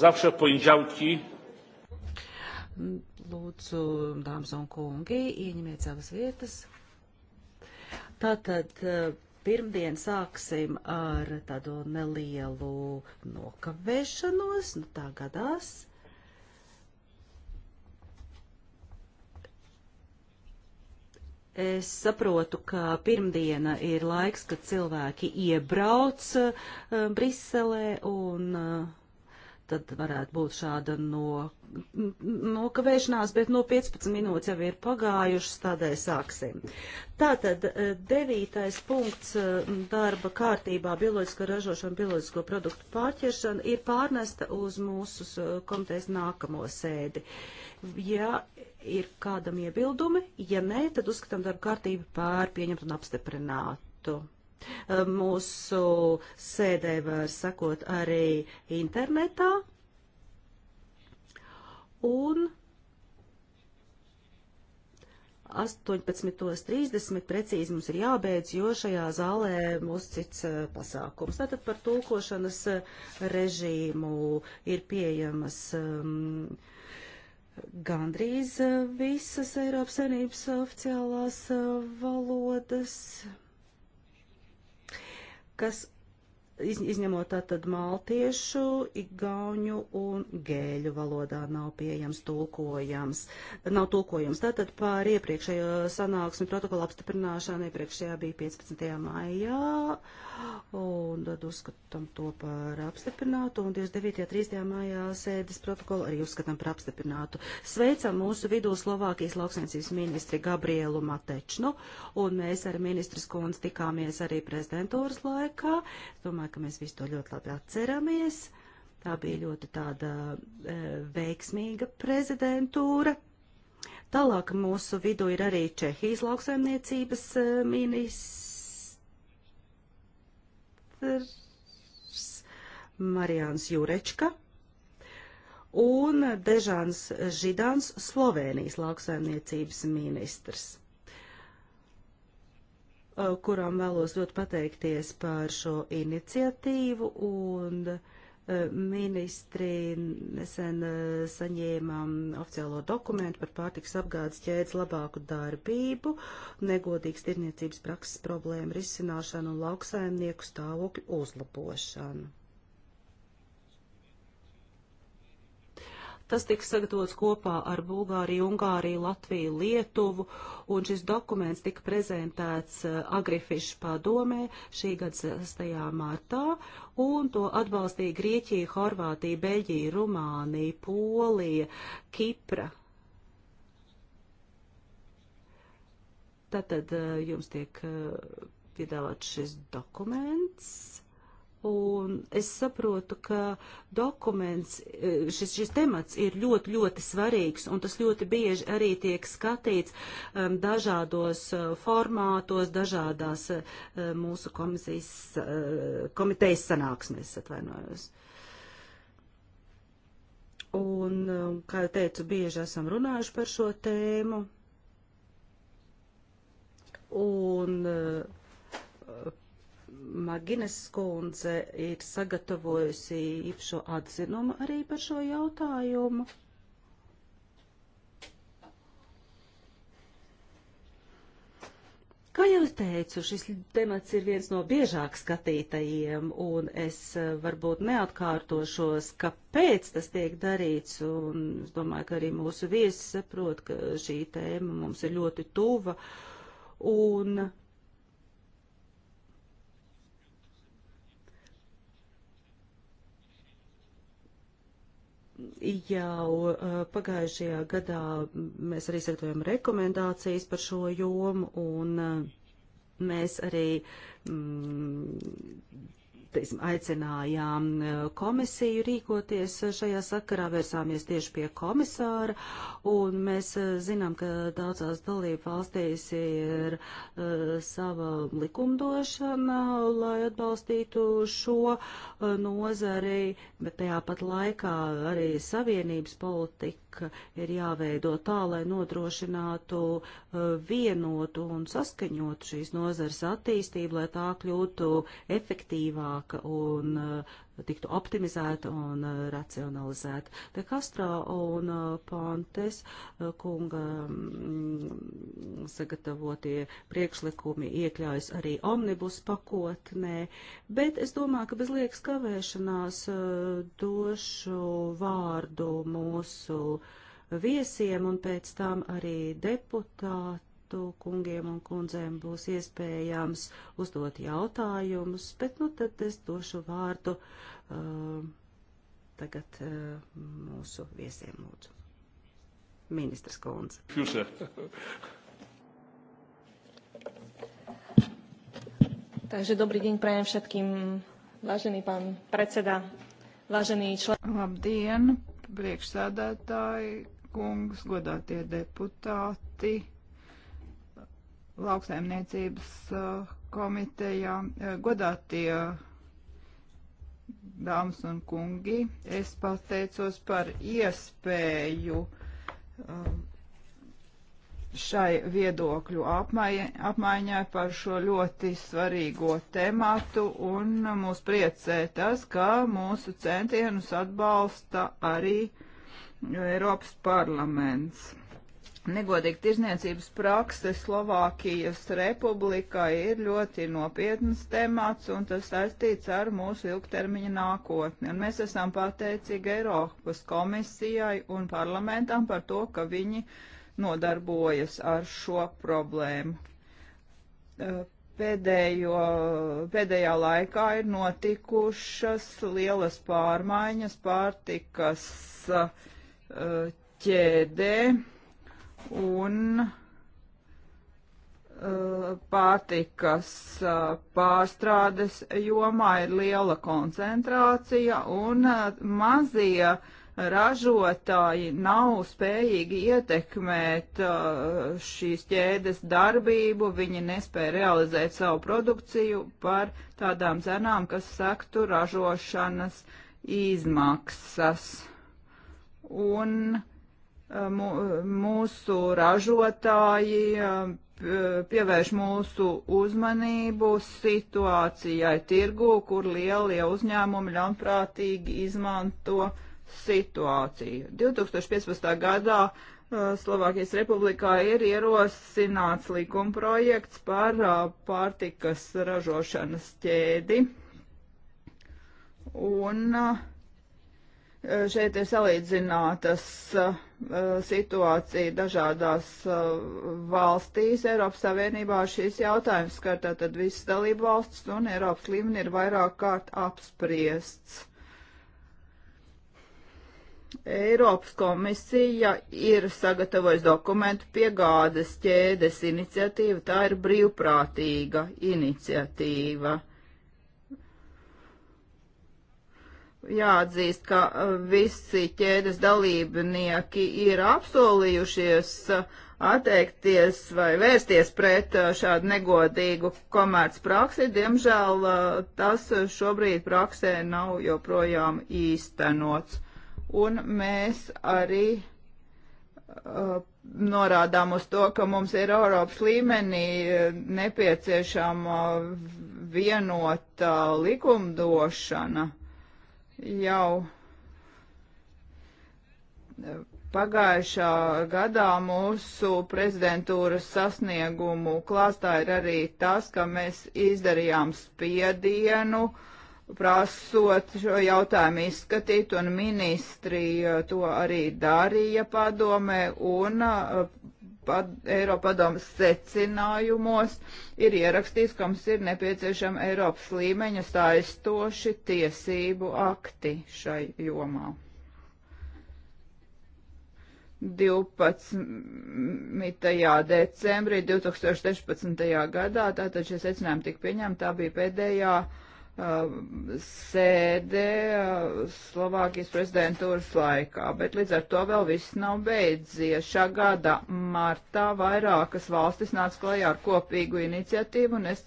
zawsze w poniedziałki. Lūdzu, dāmas un kungi, ieņemiet savas vietas. Tātad eh, pirmdien sāksim ar tādu nelielu nokavēšanos, nu tā gadās. Es saprotu, ka pirmdiena ir laiks, kad cilvēki iebrauc uh, Briselē un uh, tad varētu būt šāda no, nokavēšanās, bet no 15 minūtes jau ir pagājušas, tādēļ sāksim. Tātad eh, devītais punkts eh, darba kārtībā bioloģisko ražošanu, bioloģisko produktu pārķeršana ir pārnesta uz mūsu eh, komitejas nākamo sēdi. Ja ir kādam iebildumi, ja nē, tad uzskatām darba kārtību pār pieņemtu un apstiprinātu. Mūsu sēdē var sakot arī internetā. Un 18.30 precīzi mums ir jābeidz, jo šajā zālē mūs cits eh, pasākums. Tātad par tulkošanas eh, režīmu ir pieejamas um, gandrīz eh, visas Eiropas Savienības oficiālās valodas kas iz, izņemot tātad maltiešu, igauņu un gēļu valodā nav pieejams tulkojams. Nav tulkojams. Tātad par iepriekšējo sanāksmi protokolu apstiprināšanu iepriekšējā bija 15. maijā. Uh, un tad uzskatām to par apstiprinātu, un 29. 30. maijā sēdes protokolu arī uzskatām par apstiprinātu. Sveicam mūsu vidū Slovākijas lauksainsības ministri Gabrielu Matečnu, un mēs ar ministras kundzi tikāmies arī prezidentūras laikā. Es domāju, ka mēs visu to ļoti labi atceramies. Tā bija ļoti tāda e, veiksmīga prezidentūra. Tālāk mūsu vidū ir arī Čehijas lauksaimniecības e, ministrs ministrs Marijāns Jurečka un Dežāns Židāns Slovēnijas lauksaimniecības ministrs kurām vēlos ļoti pateikties par šo iniciatīvu un uh, Ministri nesen eh, saņēmām mm, oficiālo dokumentu par pārtiks apgādes ķēdes labāku darbību, negodīgas tirniecības prakses problēmu risināšanu un lauksaimnieku stāvokļu uzlabošanu. Tas tiks sagatavots kopā ar Bulgāriju, Ungāriju, Latviju, Lietuvu, un šis dokuments tika prezentēts eh, Agrifišu padomē šī gada 6. martā, un to atbalstīja Grieķija, Horvātija, Beļģija, Rumānija, Polija, Kipra. Tātad eh, jums tiek eh, piedāvāts šis dokuments Un es saprotu, ka dokuments, eh, šis, šis temats ir ļoti, ļoti svarīgs, un tas ļoti bieži arī tiek skatīts um, dažādos uh, formātos, dažādās uh, mūsu komisijas, uh, komitejas sanāksmēs, atvainojos. Un, um, kā jau teicu, bieži esam runājuši par šo tēmu. Un, uh, Maginas skundze ir sagatavojusi īpašo atzinumu arī par šo jautājumu. Kā jau es teicu, šis temats ir viens no biežāk skatītajiem, un es eh, varbūt neatkārtošos, kāpēc tas tiek darīts, un es domāju, ka arī mūsu viesi saprot, ka šī tēma mums ir ļoti tuva, un jau uh, pagājušajā gadā mēs arī sagatavojam rekomendācijas par šo jomu un uh, mēs arī mm, aicinājām e, komisiju rīkoties šajā sakarā, vērsāmies tieši pie komisāra, un mēs e, zinām, ka daudzās dalību valstīs ir uh, sava likumdošana, lai atbalstītu šo uh, nozari, bet tajā pat laikā arī savienības politika ir jāveido tā, lai nodrošinātu uh, vienotu un saskaņotu šīs nozares attīstību, lai tā kļūtu efektīvāk labāk un eh, tiktu optimizēta un eh, racionalizēta. De Castro un eh, Pontes kunga mm, sagatavotie priekšlikumi iekļaujas arī omnibus pakotnē, bet es domāju, ka bez liekas kavēšanās došu vārdu mūsu viesiem un pēc tam arī deputāti deputātu kungiem un kundzēm būs iespējams uzdot jautājumus, bet nu tad es došu vārdu uh, tagad uh, mūsu viesiem lūdzu. Ministrs kundze. Jūsē. Takže dobrý deň prajem všetkým, vážený pán predseda, vážený člen. Labdien, priekšsādātāji, kungs, godātie deputāti lauksaimniecības eh, komitejā. Eh, godātie eh, dāmas un kungi, es pateicos par iespēju šai viedokļu apmaiņai par šo ļoti svarīgo tematu, un mūs priecē tas, ka mūsu centienus atbalsta arī Eiropas parlaments negodīga tirzniecības prakse Slovākijas republikā ir ļoti nopietnas temats, un tas saistīts ar mūsu ilgtermiņa nākotni. Un mēs esam pateicīgi Eiropas komisijai un parlamentam par to, ka viņi nodarbojas ar šo problēmu. Eh, pēdējo, pēdējā laikā ir notikušas lielas pārmaiņas pārtikas eh, ķēdē. Uh, un uh, pārtikas uh, pārstrādes jomā ir liela koncentrācija un uh, mazie ražotāji nav spējīgi ietekmēt šīs ķēdes darbību, viņi nespēja realizēt savu produkciju par tādām cenām, kas sektu ražošanas izmaksas. Un mūsu ražotāji eh, pievērš mūsu uzmanību situācijai tirgū, kur lielie uzņēmumi ļaunprātīgi izmanto situāciju. 2015. gadā eh, Slovākijas republikā ir ierosināts likumprojekts par eh, pārtikas ražošanas ķēdi. Un uh, Eh, šeit ir salīdzinātas eh, situācija dažādās eh, valstīs. Eiropas Savienībā šīs jautājums skar tātad visas dalību valsts un Eiropas līmeni ir vairāk kārt apspriests. Eiropas komisija ir sagatavojusi dokumentu piegādes ķēdes iniciatīvu. Tā ir brīvprātīga iniciatīva. jāatzīst, ka uh, visi ķēdes dalībnieki ir apsolījušies uh, atteikties vai vērsties pret uh, šādu negodīgu komerc praksi. Diemžēl tas šobrīd praksē nav joprojām īstenots. Un mēs arī uh, norādām uz to, ka mums ir Eiropas līmenī nepieciešama vienota likumdošana jau pagājušā gadā mūsu prezidentūras sasniegumu klāstā ir arī tas, ka mēs izdarījām spiedienu, prasot šo jautājumu izskatīt, un ministri uh, to arī darīja padomē, un uh, pad, Eiropadomas secinājumos ir ierakstīts, ka mums ir nepieciešama Eiropas līmeņa saistoši tiesību akti šai jomā. 12. decembrī 2016. gadā, tātad šie secinājumi tika pieņemti, tā bija pēdējā uh, Uh, sēdē uh, Slovākijas prezidentūras laikā, bet līdz ar to vēl viss nav beidzies. Šā gada martā vairākas valstis nāca klajā ar kopīgu iniciatīvu, un es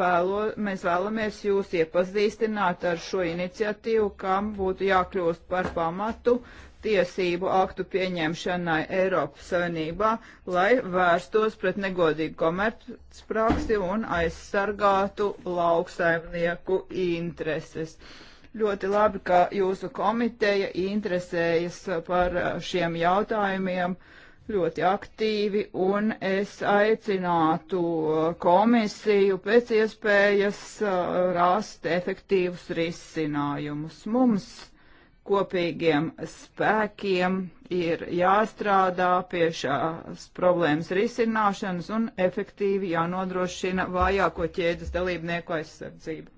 vēlo, mēs vēlamies jūs iepazīstināt ar šo iniciatīvu, kam būtu jākļūst par pamatu uh, tiesību aktu pieņemšanai Eiropas Savienībā, lai vērstos pret negodīgu komercpraksi un aizsargātu lauksaimnieku intereses. Ļoti labi, ka jūsu komiteja interesējas par šiem jautājumiem ļoti aktīvi, un es aicinātu komisiju pēc iespējas uh, rast efektīvus risinājumus. Mums kopīgiem spēkiem ir jāstrādā pie šās problēmas risināšanas un efektīvi jānodrošina vājāko ķēdes dalībnieku aizsardzību.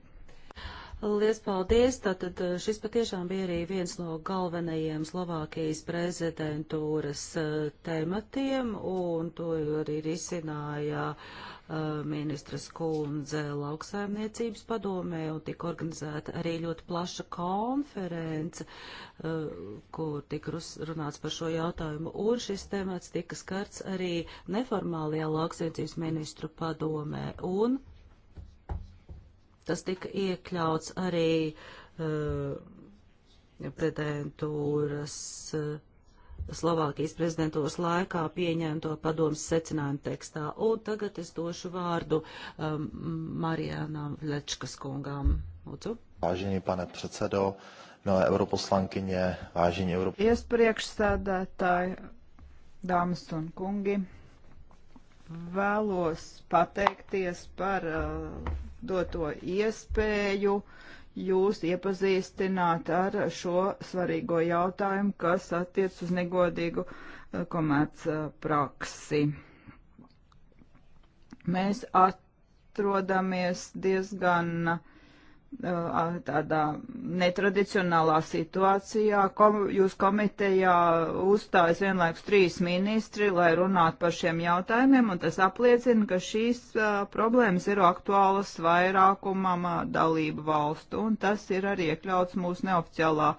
Lies paldies! Tātad eh, šis patiešām bija arī viens no galvenajiem Slovākijas prezidentūras uh, tematiem, un to arī risināja uh, ministras kundze lauksaimniecības padomē, un tika organizēta arī ļoti plaša konference, uh, kur tika runāts par šo jautājumu, un šis temats tika skarts arī neformālajā lauksaimniecības ministru padomē, un Tas tika iekļauts arī uh, prezidentūras, uh, Slovākijas prezidentūras laikā pieņemto padomus secinājumu tekstā. Un tagad es došu vārdu um, eh, Marijanam Lečkas kungām. Lūdzu. Vážený pane předsedo, milé europoslankyně, vážení europoslankyně. Iespriekšsēdētāji, dāmas un kungi vēlos pateikties par uh, doto iespēju jūs iepazīstināt ar šo svarīgo jautājumu, kas attiec uz negodīgu uh, komerc uh, praksi. Mēs atrodamies diezgan uh, tādā netradicionālā situācijā. Kom, jūs komitejā uzstājas vienlaikus trīs ministri, lai runātu par šiem jautājumiem, un tas apliecina, ka šīs uh, problēmas ir aktuālas vairākumam uh, dalību valstu, un tas ir arī iekļauts mūsu neoficiālā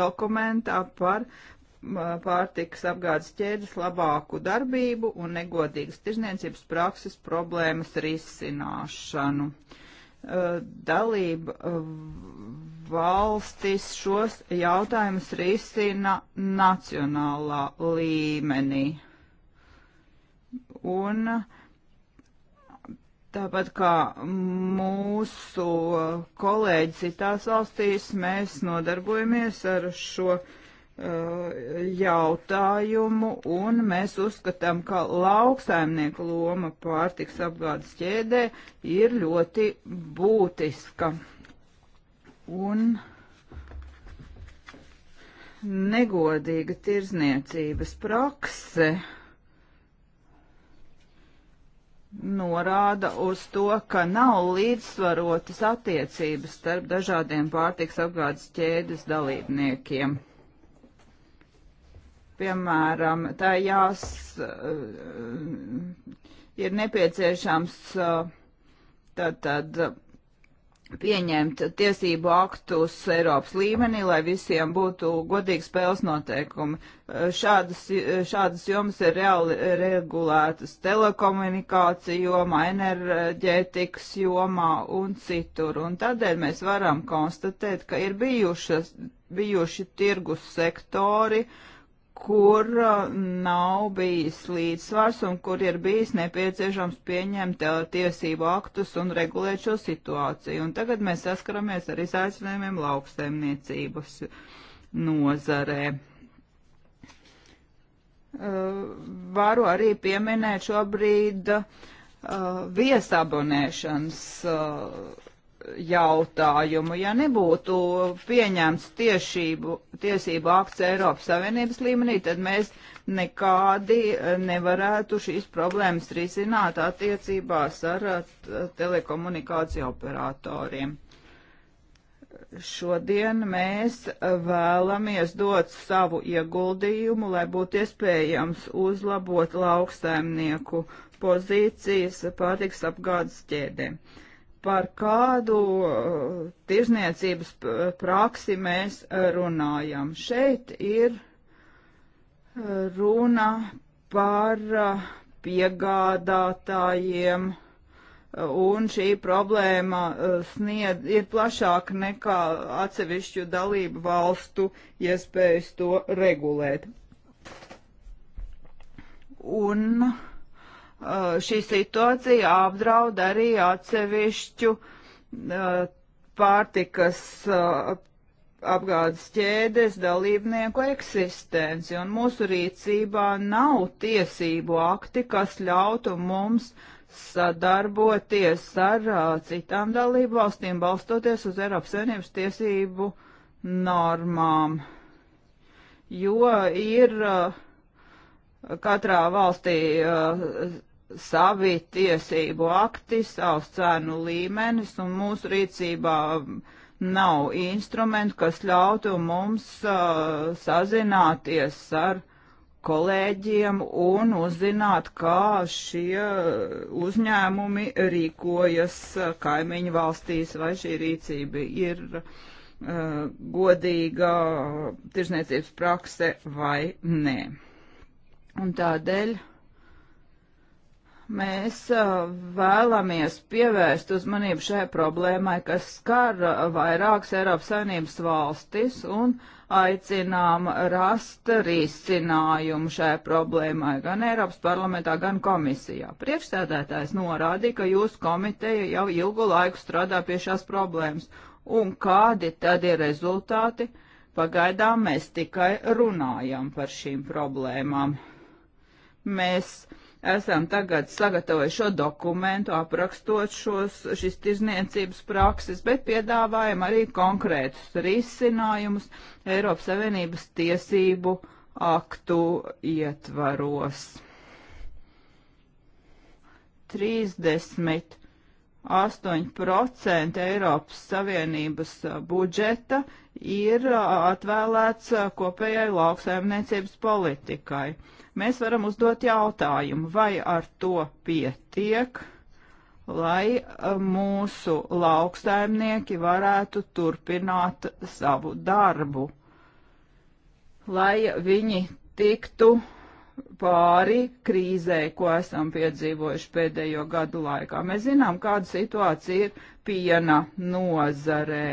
dokumentā par uh, pārtikas apgādes ķēdes labāku darbību un negodīgas tirzniecības prakses problēmas risināšanu. Uh, dalība uh, valstis šos jautājumus risina nacionālā līmenī. Un tāpat kā mūsu kolēģis citās valstīs, mēs nodarbojamies ar šo jautājumu Eh, jautājumu, un mēs uzskatām, ka lauksaimnieku loma pārtiks apgādes ķēdē ir ļoti būtiska. Un negodīga tirzniecības prakse norāda uz to, ka nav līdzsvarotas attiecības starp dažādiem pārtiks apgādes ķēdes dalībniekiem Piemēram, tajās eh, ir nepieciešams tātad eh, pieņemt tiesību aktus Eiropas līmenī, lai visiem būtu godīgi spēles noteikumi. Eh, šādas, šādas jomas ir reāli regulētas telekomunikāciju jomā, enerģētikas jomā un citur. Un tādēļ mēs varam konstatēt, ka ir bijušas, bijuši tirgus sektori, uh, kur uh, nav bijis līdzsvars un kur ir bijis nepieciešams pieņemt uh, tiesību aktus un regulēt šo situāciju. Un tagad mēs saskaramies ar izaicinājumiem lauksaimniecības nozarē. Uh, varu arī pieminēt šobrīd viesabonēšanas jautājumu. Ja nebūtu pieņemts tiešību, tiesību akts Eiropas Savienības līmenī, tad mēs nekādi nevarētu šīs problēmas risināt attiecībās ar uh, telekomunikāciju operatoriem. Šodien mēs vēlamies dot savu ieguldījumu, lai būtu iespējams uzlabot lauksaimnieku pozīcijas pārtiks apgādes ķēdēm. Uh, par kādu uh, tirzniecības uh, praksi mēs uh, runājam. Šeit ir runa par piegādātājiem, un šī problēma sniedz, ir plašāka nekā atsevišķu dalību valstu iespējas to regulēt. Un uh, Uh, šī situācija apdraud arī atsevišķu uh, pārtikas uh, apgādes ķēdes dalībnieku eksistenci, un mūsu rīcībā nav tiesību akti, kas ļautu mums sadarboties ar uh, citām dalību valstīm, balstoties uz Eiropas Savienības tiesību normām, jo ir uh, katrā valstī uh, savi tiesību akti, savs cēnu līmenis, un mūsu rīcībā nav instrumentu, kas ļautu mums uh, sazināties ar kolēģiem un uzzināt, kā šie uzņēmumi rīkojas kaimiņu valstīs, vai šī rīcība ir uh, godīga tirzniecības prakse vai nē. Un tādēļ uh, mēs uh, vēlamies pievērst uzmanību šai problēmai, kas skar uh, vairākas Eiropas Savienības valstis un aicinām rast risinājumu šai problēmai gan Eiropas parlamentā, gan komisijā. Priekšstādētājs norādīja, ka jūsu komiteja jau ilgu laiku strādā pie šās problēmas. Un kādi tad ir rezultāti? Pagaidām mēs tikai runājam par šīm problēmām. Mēs esam tagad sagatavojuši šo dokumentu, aprakstot šos, šis tirzniecības prakses, bet piedāvājam arī konkrētus risinājumus Eiropas Savienības tiesību aktu ietvaros. 38% Eiropas Savienības budžeta ir atvēlēts kopējai lauksaimniecības politikai mēs varam uzdot jautājumu, vai ar to pietiek, lai eh, mūsu lauksaimnieki varētu turpināt savu darbu, lai viņi tiktu pāri krīzē, ko esam piedzīvojuši pēdējo gadu laikā. Mēs zinām, kāda situācija ir piena nozarē.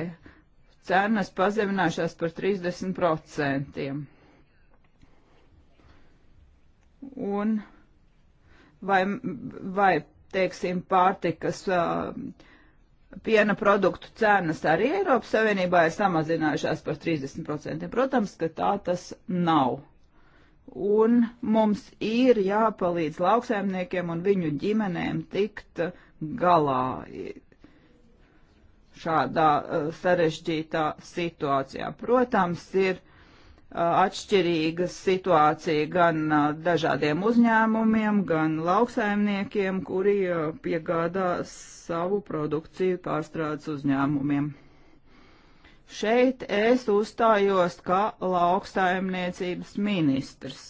Cenas pazeminājušās par 30% un vai, vai teiksim, pārtikas uh, piena produktu cenas arī Eiropas Savienībā ir samazinājušās par 30%. Protams, ka tā tas nav. Un mums ir jāpalīdz lauksaimniekiem un viņu ģimenēm tikt galā šādā uh, sarežģītā situācijā. Protams, ir uh, atšķirīga situācija gan dažādiem uzņēmumiem, gan lauksaimniekiem, kuri piegādā savu produkciju pārstrādes uzņēmumiem. Šeit es uzstājos kā lauksaimniecības ministrs.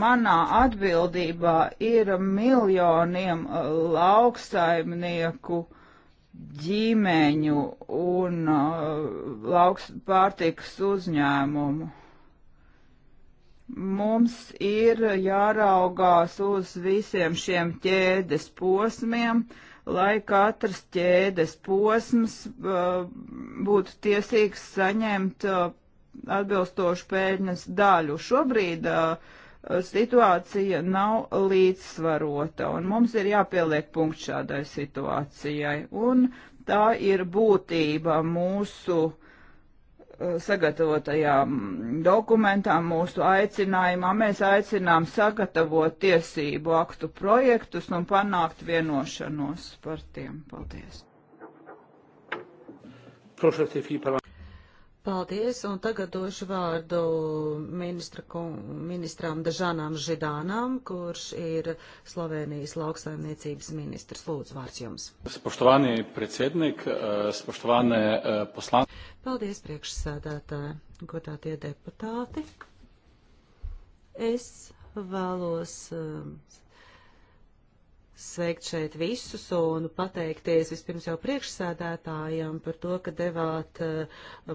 manā atbildībā ir miljoniem lauksaimnieku uh, ģimeņu un uh, lauks pārtikas uzņēmumu. Mums ir jāraugās uz visiem šiem ķēdes posmiem, lai katrs ķēdes posms uh, būtu tiesīgs saņemt uh, atbilstošu pēļņas daļu. Šobrīd uh, situācija nav līdzsvarota, un mums ir jāpieliek punkts šādai situācijai. Un tā ir būtība mūsu uh, sagatavotajā mm, dokumentā, mūsu aicinājumā. Mēs aicinām sagatavot tiesību aktu projektus un panākt vienošanos par tiem. Paldies! Paldies, un tagad došu vārdu ministra, ministram Dažanām Židānām, kurš ir Slovenijas lauksaimniecības ministrs. Lūdzu, vārds jums. Spoštovānie predsēdniek, eh, spoštovānie eh, poslāni. Paldies, priekšsēdētāji, godātie deputāti. Es vēlos eh, sveikt šeit visus un pateikties vispirms jau priekšsēdētājiem par to, ka devāt eh,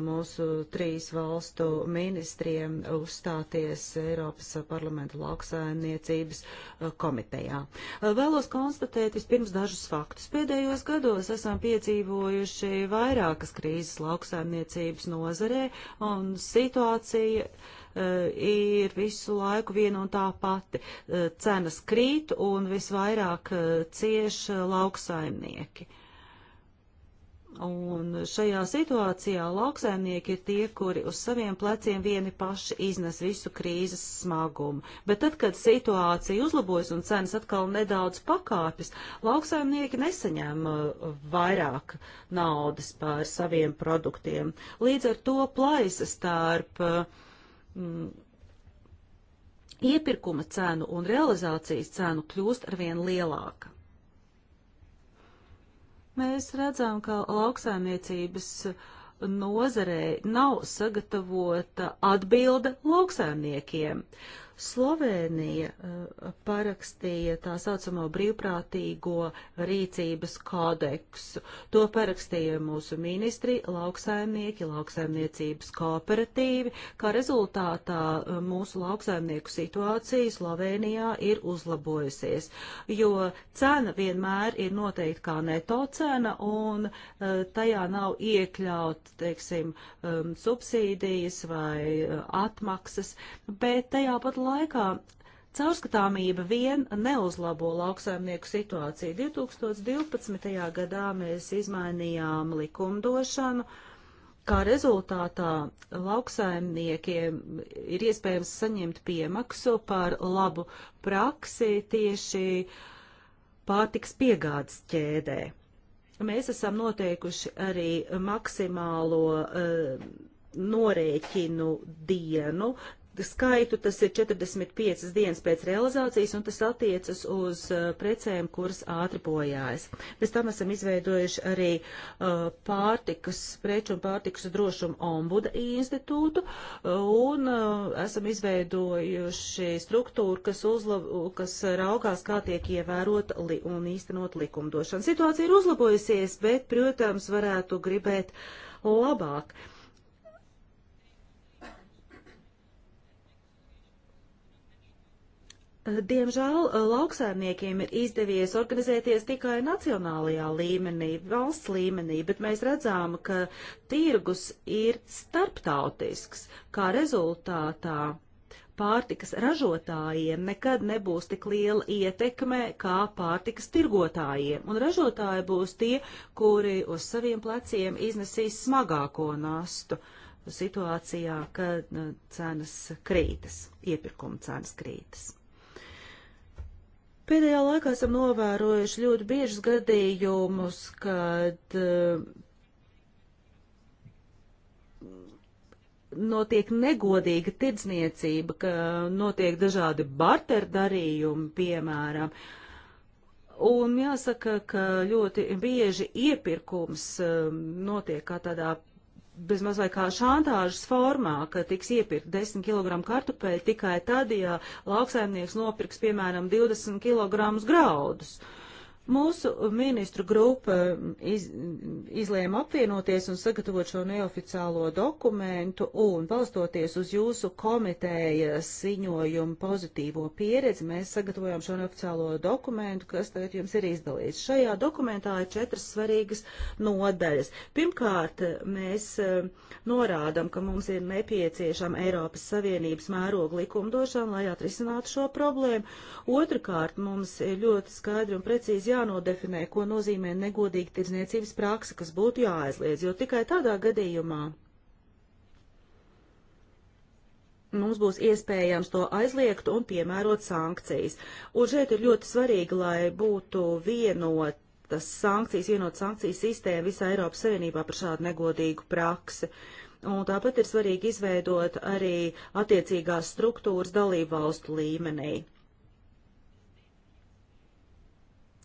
mūsu trīs valstu ministriem uzstāties Eiropas parlamenta lauksaimniecības eh, komitejā. Eh, vēlos konstatēt vispirms dažus faktus. Pēdējos gados esam piedzīvojuši vairākas krīzes lauksaimniecības nozarē un situācija Eh, ir visu laiku viena un tā pati. Eh, cenas krīt un visvairāk eh, cieš lauksaimnieki. Un šajā situācijā lauksaimnieki ir tie, kuri uz saviem pleciem vieni paši iznes visu krīzes smagumu. Bet tad, kad situācija uzlabojas un cenas atkal nedaudz pakāpjas, lauksaimnieki nesaņem vairāk naudas pār saviem produktiem. Līdz ar to plaisa starp uh, mm, iepirkuma cenu un realizācijas cenu kļūst arvien lielāka. Mēs redzam, ka lauksaimniecības nozarei nav sagatavota atbilde lauksaimniekiem. Uh, Slovēnija eh, parakstīja tā saucamo brīvprātīgo rīcības kodeksu. To parakstīja mūsu ministri, lauksaimnieki, lauksaimniecības kooperatīvi. Kā rezultātā eh, mūsu lauksaimnieku situācija Slovēnijā ir uzlabojusies, jo cena vienmēr ir noteikti kā neto cena un eh, tajā nav iekļaut, teiksim, subsīdijas vai atmaksas, bet tajā pat laikā Caurskatāmība vien neuzlabo lauksaimnieku situāciju. 2012. gadā mēs izmainījām likumdošanu, kā rezultātā lauksaimniekiem ir iespējams saņemt piemaksu par labu praksi tieši pārtiks piegādes ķēdē. Mēs esam noteikuši arī maksimālo uh, norēķinu dienu skaitu, tas ir 45 dienas pēc realizācijas, un tas attiecas uz uh, precēm, kuras ātri bojājas. Bez tam esam izveidojuši arī uh, pārtikas, preču un pārtikas drošuma ombuda institūtu, uh, un uh, esam izveidojuši struktūru, kas, uzlab, kas raugās, kā tiek ievērota li un īstenot likumdošana. Situācija ir uzlabojusies, bet, protams, varētu gribēt labāk. Uh, Diemžēl eh, lauksaimniekiem ir izdevies organizēties tikai nacionālajā līmenī, valsts līmenī, bet mēs redzām, ka tirgus ir starptautisks, kā rezultātā pārtikas ražotājiem nekad nebūs tik liela ietekme kā pārtikas tirgotājiem, un ražotāji būs tie, kuri uz saviem pleciem iznesīs smagāko nastu situācijā, kad eh, cenas krītas, iepirkuma cenas krītas. Pēdējā laikā esam novērojuši ļoti biežus gadījumus, kad eh, notiek negodīga tirdzniecība, ka notiek dažādi barterdarījumi, piemēram. Un jāsaka, ka ļoti bieži iepirkums eh, notiek kā tādā bezmaz vai kā šantāžas formā, ka tiks iepirkt 10 kg kartupē tikai tad, ja lauksaimnieks nopirks, piemēram, 20 kg graudus. Uh, Mūsu ministru grupa mm, iz, izlēma apvienoties un sagatavot šo neoficiālo dokumentu un balstoties uz jūsu komitejas ziņojumu pozitīvo pieredzi, mēs sagatavojām šo neoficiālo dokumentu, kas tagad jums ir izdalīts. Šajā dokumentā ir četras svarīgas nodaļas. Pirmkārt, mēs mm, norādam, ka mums ir nepieciešama Eiropas Savienības mēroga likumdošana, lai atrisinātu šo problēmu. Otrakārt, mums ir ļoti skaidri un precīzi jā jānodefinē, ko nozīmē negodīga tirdzniecības praksa, kas būtu jāaizliedz, jo tikai tādā gadījumā mums būs iespējams to aizliegt un piemērot sankcijas. Un šeit ir ļoti svarīgi, lai būtu vienotas sankcijas, vienot sankcijas sistēma visā Eiropas Savienībā par šādu negodīgu praksi. Un tāpat ir svarīgi izveidot arī attiecīgās struktūras dalību valstu līmenī.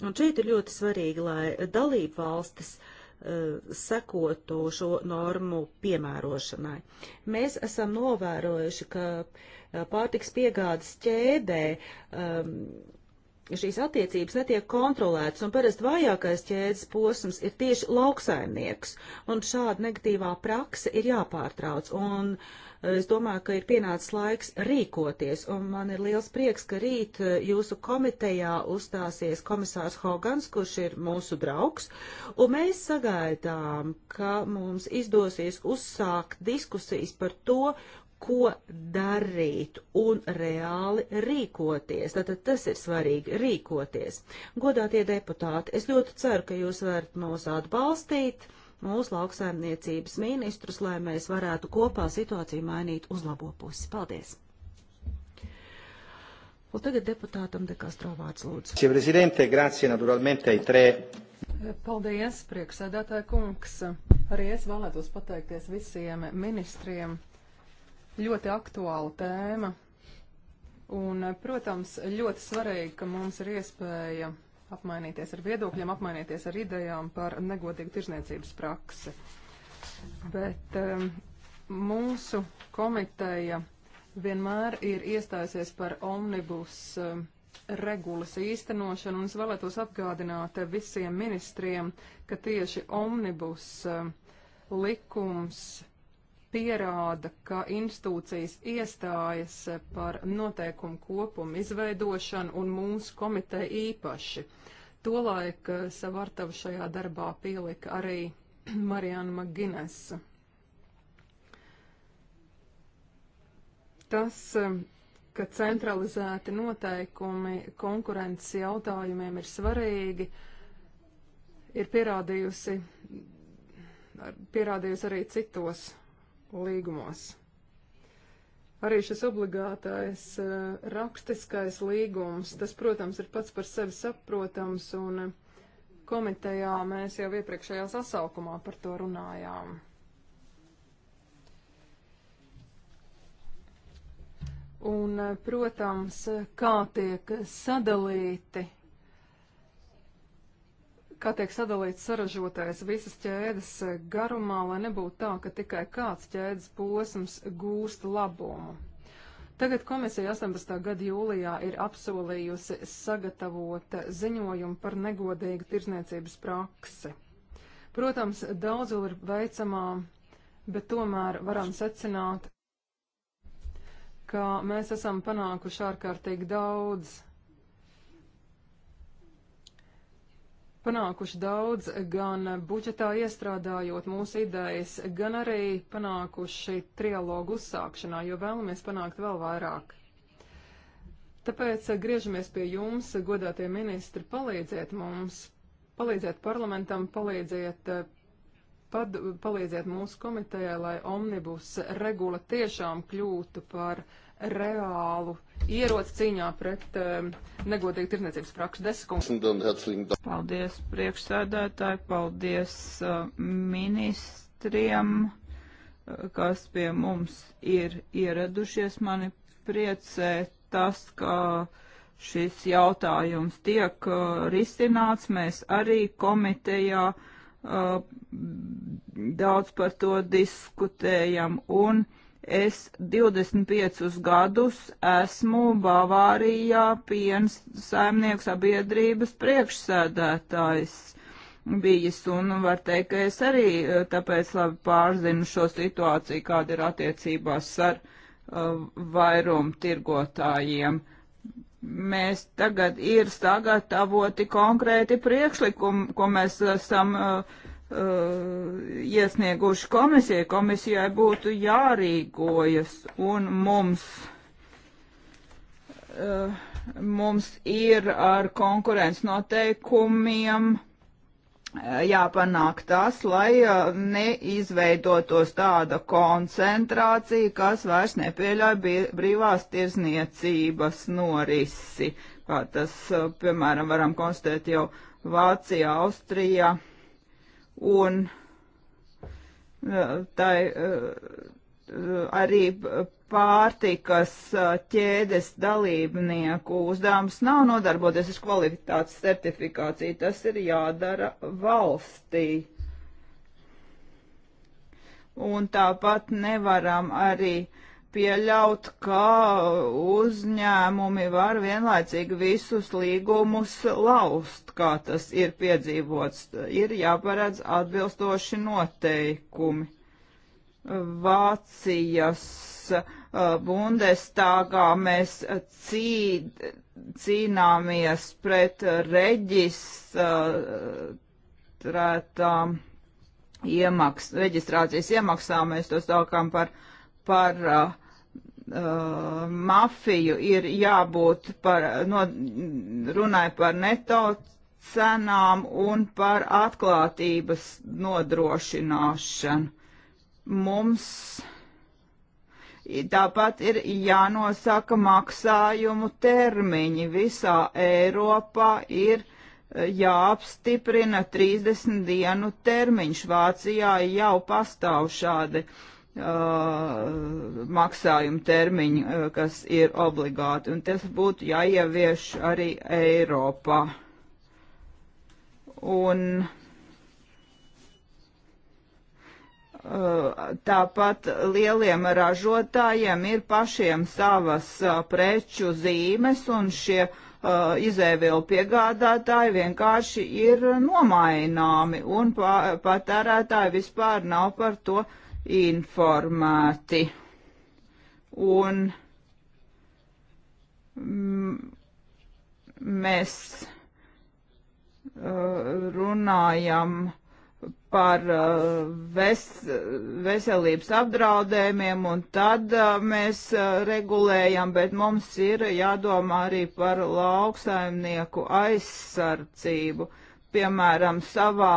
Un šeit ir ļoti svarīgi, lai dalību valstis uh, sekotu šo normu piemērošanai. Mēs esam novērojuši, ka eh, pārtiks piegādes ķēdē um, šīs attiecības netiek kontrolētas, un parasti vājākais ķēdes posms ir tieši lauksaimnieks, un šāda negatīvā prakse ir jāpārtrauc, un eh, es domāju, ka ir pienācis laiks rīkoties, un man ir liels prieks, ka rīt eh, jūsu komitejā uzstāsies komisārs Hogans, kurš ir mūsu draugs, un mēs sagaidām, ka mums izdosies uzsākt diskusijas par to, ko darīt un reāli rīkoties. Tātad tas ir svarīgi rīkoties. Godātie deputāti, es ļoti ceru, ka jūs varat mūs atbalstīt, mūsu lauksaimniecības ministrus, lai mēs varētu kopā situāciju mainīt uz labo pusi. Paldies! Un tagad deputātam Dekastro vārds lūdzu. Paldies, prieksēdētāja kungs. Arī es vēlētos pateikties visiem ministriem ļoti aktuāla tēma. Un, eh, protams, ļoti svarīgi, ka mums ir iespēja apmainīties ar viedokļiem, apmainīties ar idejām par negodīgu tirzniecības praksi. Bet um, mūsu komiteja vienmēr ir iestājusies par omnibus um, regulas īstenošanu, un es vēlētos atgādināt visiem ministriem, ka tieši omnibus um, likums pierāda, ka institūcijas iestājas par noteikumu kopumu izveidošanu un mūsu komiteja īpaši. Tolaik eh, savartavu šajā darbā pielika arī Mariana Maginesa. Tas, eh, ka centralizēti noteikumi konkurences jautājumiem ir svarīgi, ir pierādījusi, pierādījusi arī citos līgumos. Arī šis obligātais eh, rakstiskais līgums, tas, protams, ir pats par sevi saprotams, un eh, komitejā mēs jau iepriekšējā sasaukumā par to runājām. Un, eh, protams, kā tiek sadalīti kā tiek sadalīts saražotais visas ķēdes garumā, lai nebūtu tā, ka tikai kāds ķēdes posms gūst labumu. Tagad komisija 18. gada jūlijā ir apsolījusi sagatavot ziņojumu par negodīgu tirzniecības praksi. Protams, daudz vēl ir veicamā, bet tomēr varam secināt, ka mēs esam panākuši ārkārtīgi daudz panākuši daudz, gan budžetā iestrādājot mūsu idejas, gan arī panākuši trialogu uzsākšanā, jo vēlamies panākt vēl vairāk. Tāpēc griežamies pie jums, godātie ministri, palīdziet mums, palīdziet parlamentam, palīdziet, eh, pad, palīdziet mūsu komitejai, lai omnibus regula tiešām kļūtu par uh, reālu ieroci cīņā pret um, negodīgu tirdzniecības prakšu deskungu. Paldies priekšsēdētāji, paldies uh, ministriem, eh, kas pie mums ir ieradušies. Mani priecē tas, ka šis jautājums tiek uh, risināts. Mēs arī komitejā uh, daudz par to diskutējam. Un, uh, Es 25 gadus esmu Bavārijā piens saimnieku sabiedrības priekšsēdētājs bijis, un var teikt, ka es arī eh, tāpēc labi pārzinu šo situāciju, kāda ir attiecībās ar uh, vairumu tirgotājiem. Mēs tagad ir sagatavoti konkrēti priekšlikumi, ko mēs esam uh, Uh, iesnieguši komisijai, komisijai būtu jārīkojas un mums, uh, mums ir ar konkurences noteikumiem uh, jāpanāk tas, lai uh, neizveidotos tāda koncentrācija, kas vairs nepieļauj brīvās tirzniecības norisi, kā tas, uh, piemēram, varam konstatēt jau Vācija, Austrija un uh, tai uh, arī pārtikas uh, ķēdes dalībnieku uzdevums nav nodarboties ar kvalitātes certifikāciju. Tas ir jādara valstī. Un tāpat nevaram arī uh, pieļaut, ka uzņēmumi var vienlaicīgi visus līgumus laust, kā tas ir piedzīvots. Ir jāparedz atbilstoši noteikumi. Vācijas uh, Bundestāgā mēs cīd, cīnāmies pret reģistrētām iemaks, reģistrācijas iemaksām, mēs to saukām par par uh, Uh, mafiju ir jābūt par, no, runai par neto cenām un par atklātības nodrošināšanu. Mums tāpat ir jānosaka maksājumu termiņi. Visā Eiropā ir uh, jāapstiprina 30 dienu termiņš. Vācijā jau pastāv šādi uh, Uh, maksājumu termiņi, uh, kas ir obligāti. Un tas būtu jāievieš arī Eiropā. Un uh, tāpat lieliem ražotājiem ir pašiem savas uh, preču zīmes, un šie uh, izēvielu piegādātāji vienkārši ir nomaināmi, un patērētāji vispār nav par to uh, informēti. Un mēs uh, runājam par uh, ves, veselības apdraudējumiem, un tad uh, mēs regulējam, bet mums ir jādomā arī par lauksaimnieku aizsardzību piemēram, savā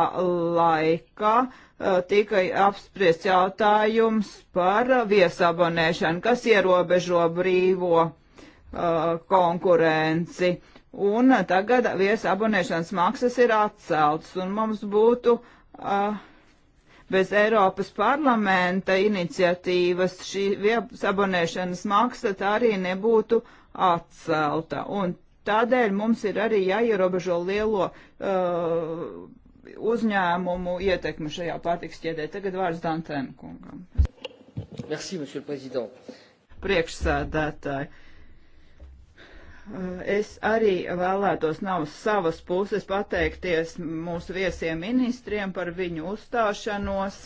laikā uh, tika apspriests jautājums par viesabonēšanu, kas ierobežo brīvo uh, konkurenci. Un tagad viesabonēšanas maksas ir atceltas, un mums būtu uh, bez Eiropas parlamenta iniciatīvas šī viesabonēšanas maksa tā arī nebūtu atcelta. Un Tādēļ mums ir arī jāierobežo lielo uh, uzņēmumu ietekmi šajā pārtiks ķēdē. Tagad vārds Dantēna kungam. Merci, monsieur le président. Priekšsēdētāji. Uh, es arī vēlētos nav savas puses pateikties mūsu viesiem ministriem par viņu uzstāšanos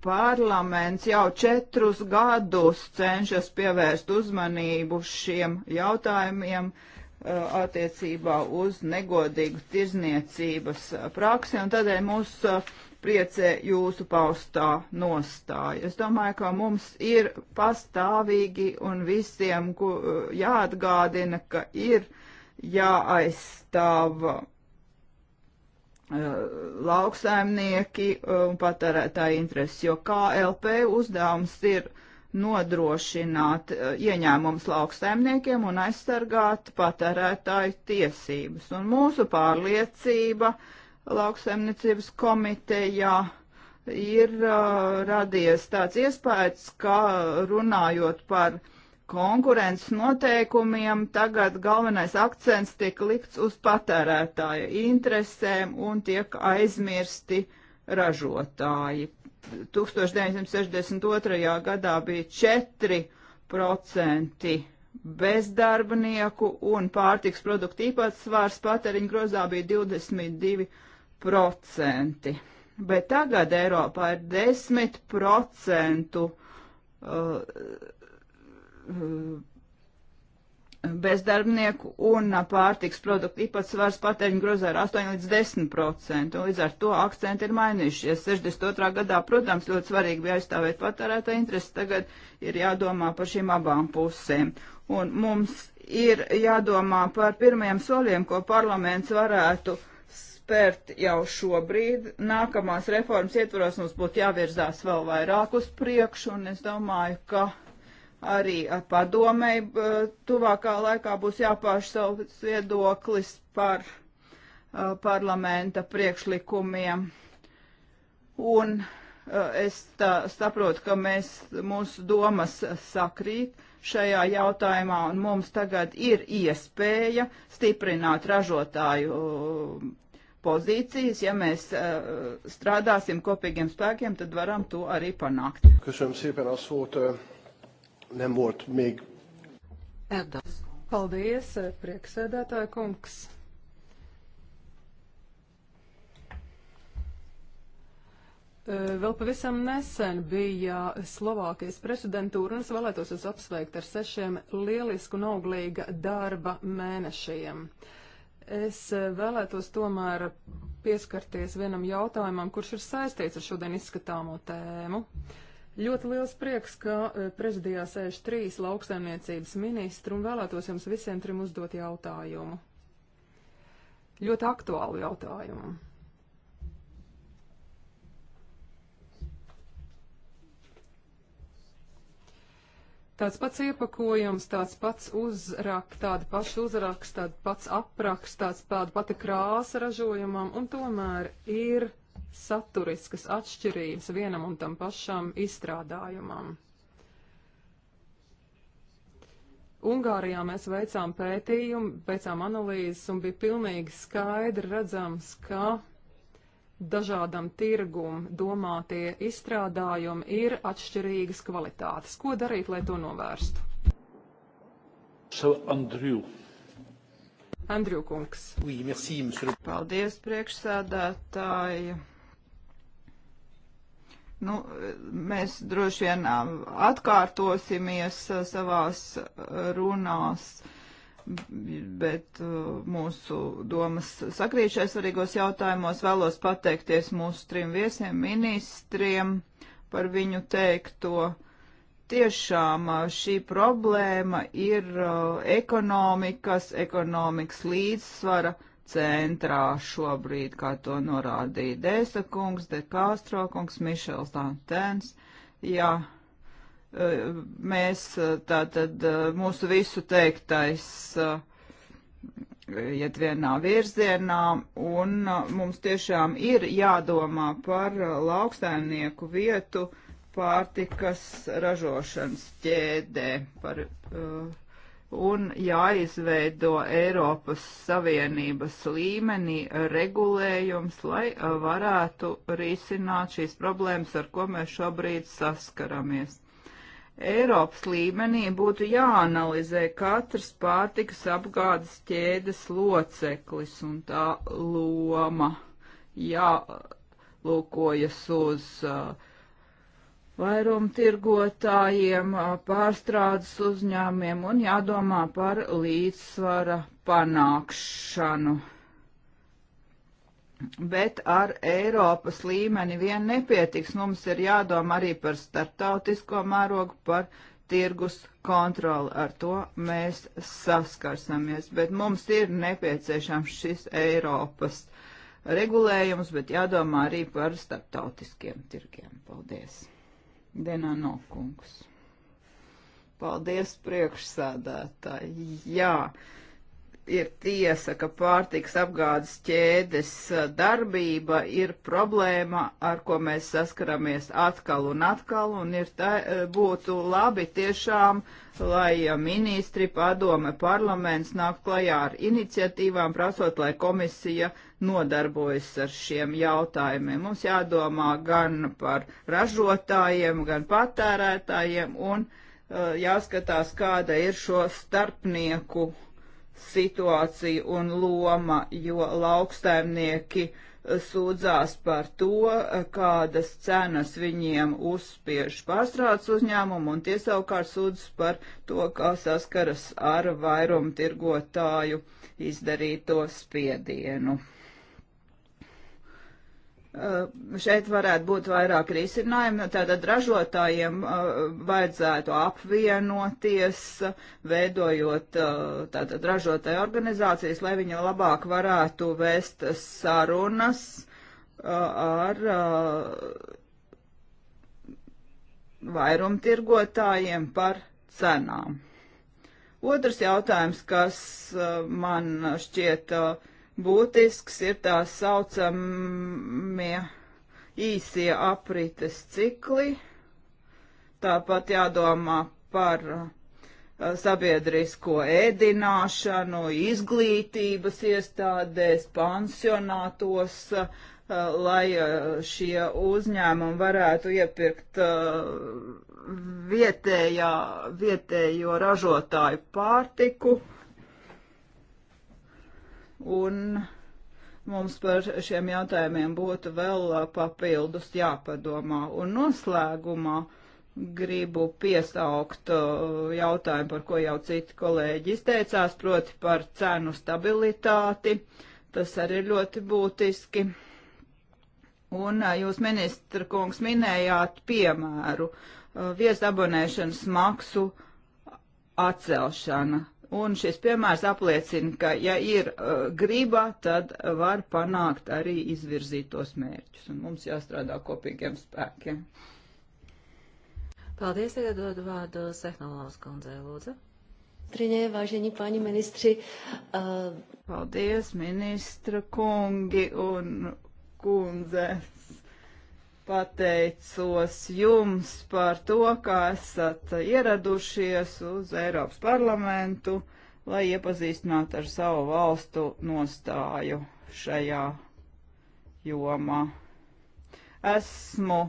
parlaments jau četrus gadus cenšas pievērst uzmanību šiem jautājumiem uh, attiecībā uz negodīgu tirzniecības praksi, un tādēļ mūs uh, priecē jūsu paustā nostāja. Es domāju, ka mums ir pastāvīgi un visiem uh, jāatgādina, ka ir jāaizstāv Eh, lauksaimnieki eh, un patērētāji intereses, jo KLP uzdevums ir nodrošināt eh, ieņēmums lauksaimniekiem un aizsargāt patērētāju tiesības. Un mūsu pārliecība lauksaimniecības komitejā ir uh, radies tāds iespējas, ka runājot par uh, konkurences noteikumiem tagad galvenais akcents tiek likts uz patērētāja interesēm un tiek aizmirsti ražotāji. 1962. gadā bija 4% bezdarbnieku un pārtiks produktu īpatsvars patēriņu grozā bija 22%. Bet tagad Eiropā ir 10% uh, Eh, bezdarbnieku un pārtiks produktu īpatsvars patēriņu grozā ir 8 līdz 10 procenti, un līdz ar to akcenti ir mainījušies. 62. gadā, protams, ļoti svarīgi bija aizstāvēt patērētā interesi, tagad ir jādomā par šīm abām pusēm. Un mums ir jādomā par pirmiem soļiem, ko parlaments varētu spērt jau šobrīd. Nākamās reformas ietvaros mums būtu jāvirzās vēl vairāk uz priekšu, un es domāju, ka arī padomēji tuvākā laikā būs jāpauž savs viedoklis par uh, parlamenta priekšlikumiem. Un uh, es tā, saprotu, ka mēs, mūsu domas sakrīt šajā jautājumā, un mums tagad ir iespēja stiprināt ražotāju uh, pozīcijas, ja mēs strādāsim kopīgiem spēkiem, tad varam to arī panākt. Köszönöm szépen a szót nem volt még. Erdos. Paldies, eh, prieksēdētāja kungs. Eh, vēl pavisam nesen bija Slovākijas prezidentūra, un es vēlētos jūs apsveikt ar sešiem lielisku un auglīga darba mēnešiem. Es eh, vēlētos tomēr pieskarties vienam jautājumam, kurš ir saistīts ar šodien izskatāmo tēmu. Uh, Ļoti liels prieks, ka e, prezidijā sēž trīs lauksaimniecības ministri un vēlētos jums visiem trim uzdot jautājumu. Ļoti aktuālu jautājumu. Tāds pats iepakojums, tāds pats uzraksts, tāda paša uzraksts, tāds pats apraksts, tāds tāda pati krāsa ražojumam, un tomēr ir saturiskas atšķirības vienam un tam pašam izstrādājumam. Ungārijā mēs veicām pētījumu, veicām analīzes un bija pilnīgi skaidri redzams, ka dažādam tirgum domātie izstrādājumi ir atšķirīgas kvalitātes. Ko darīt, lai to novērstu? So, Andrew. Andriju kungs. Oui, merci, monsieur. Paldies, priekšsādātāji. Nu, mēs droši vien um, atkārtosimies uh, savās uh, runās, bet uh, mūsu domas sakrīšais svarīgos jautājumos vēlos pateikties mūsu trim viesiem ministriem par viņu teikto. Tiešām šī problēma ir ekonomikas, ekonomikas līdzsvara centrā šobrīd, kā to norādīja Dēsa kungs, De Castro kungs, Mišels Dantens. Jā, e, mēs e, tātad e, mūsu visu teiktais iet vienā virzienā, un mums tiešām ir jādomā par lauksaimnieku vietu pārtikas ražošanas ķēdē, par uh, un jāizveido Eiropas Savienības līmenī regulējums, lai uh, varētu risināt šīs problēmas, ar ko mēs šobrīd saskaramies. Eiropas līmenī būtu jāanalizē katrs pārtikas apgādes ķēdes loceklis un tā loma, jālūkojas uz uh, vairumtirgotājiem, pārstrādes uzņēmiem un jādomā par līdzsvara panākšanu. Bet ar Eiropas līmeni vien nepietiks. Mums ir jādomā arī par starptautisko mērogu, par tirgus kontroli. Ar to mēs saskarsamies. Bet mums ir nepieciešams šis Eiropas regulējums, bet jādomā arī par starptautiskiem tirgiem. Paldies! Denano kungs. Paldies priekšsādātāji. Jā, ir tiesa, ka pārtiks apgādes ķēdes darbība ir problēma, ar ko mēs saskaramies atkal un atkal, un ir tā, e, būtu labi tiešām, lai ministri, padome, parlaments nāk klajā ar iniciatīvām, prasot, lai komisija uh, nodarbojas ar šiem jautājumiem. Mums jādomā gan par ražotājiem, gan patērētājiem un uh, jāskatās, kāda ir šo starpnieku situācija un loma, jo lauksaimnieki uh, sūdzās par to, uh, kādas cenas viņiem uzspiež pārstrādes uzņēmumu, un tie savukārt sūdzas par to, kā saskaras ar vairumtirgotāju izdarīto spiedienu. Eh, šeit varētu būt vairāk risinājumu, tātad ražotājiem eh, vajadzētu apvienoties, veidojot eh, tātad ražotāju organizācijas, lai viņi labāk varētu vēst sarunas ar vairumtirgotājiem par cenām. Otrs jautājums, kas man šķiet uh, būtisks ir tā saucamie īsie aprites cikli. Tāpat jādomā par uh, sabiedrisko ēdināšanu, izglītības iestādēs, pansionātos, uh, lai uh, šie uzņēmumi varētu iepirkt vietējā, vietējo ražotāju pārtiku un mums par šiem jautājumiem būtu vēl papildus jāpadomā. Un noslēgumā gribu piesaukt uh, jautājumu, par ko jau citi kolēģi izteicās, proti par cenu stabilitāti. Tas arī ir ļoti būtiski. Un uh, jūs, ministra kungs, minējāt piemēru uh, viesabonēšanas maksu atcelšana Un šis piemērs apliecina, ka, ja ir uh, griba, tad var panākt arī izvirzītos mērķus. Un mums jāstrādā kopīgiem spēkiem. Paldies, tagad dodu vārdu Sehnalovas kundzei, lūdzu. Triņē, vāžiņi, pāņi ministri. Uh... Paldies, ministra kungi un kundze pateicos jums par to, ka esat ieradušies uz Eiropas parlamentu, lai iepazīstinātu ar savu valstu nostāju šajā jomā. Esmu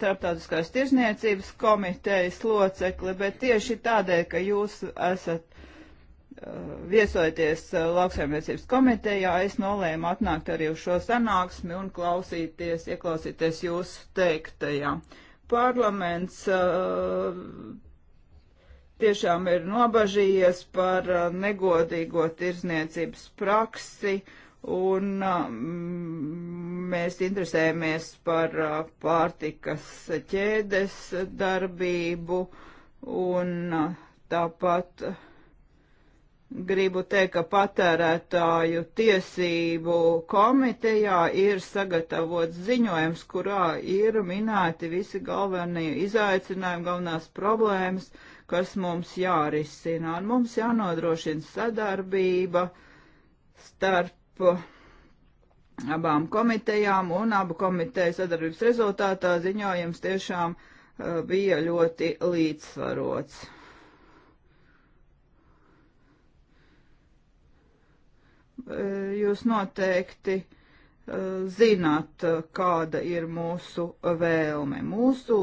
starptautiskās tirzniecības komitejas locekli, bet tieši tādēļ, ka jūs esat viesojoties uh, lauksaimniecības komitejā, es nolēmu atnākt arī uz šo sanāksmi un klausīties, ieklausīties jūsu teiktajā. Parlaments uh, tiešām ir nobažījies par uh, negodīgo tirzniecības praksi, un um, mēs interesējamies par uh, pārtikas ķēdes darbību, un tāpat uh, gribu teikt, ka patērētāju tiesību komitejā ir sagatavots ziņojums, kurā ir minēti visi galvenie izaicinājumi, galvenās problēmas, kas mums jārisina. Un mums jānodrošina sadarbība starp abām komitejām un abu komiteju sadarbības rezultātā ziņojums tiešām uh, bija ļoti līdzsvarots. E, jūs noteikti e, zināt, e, kāda ir mūsu vēlme. Mūsu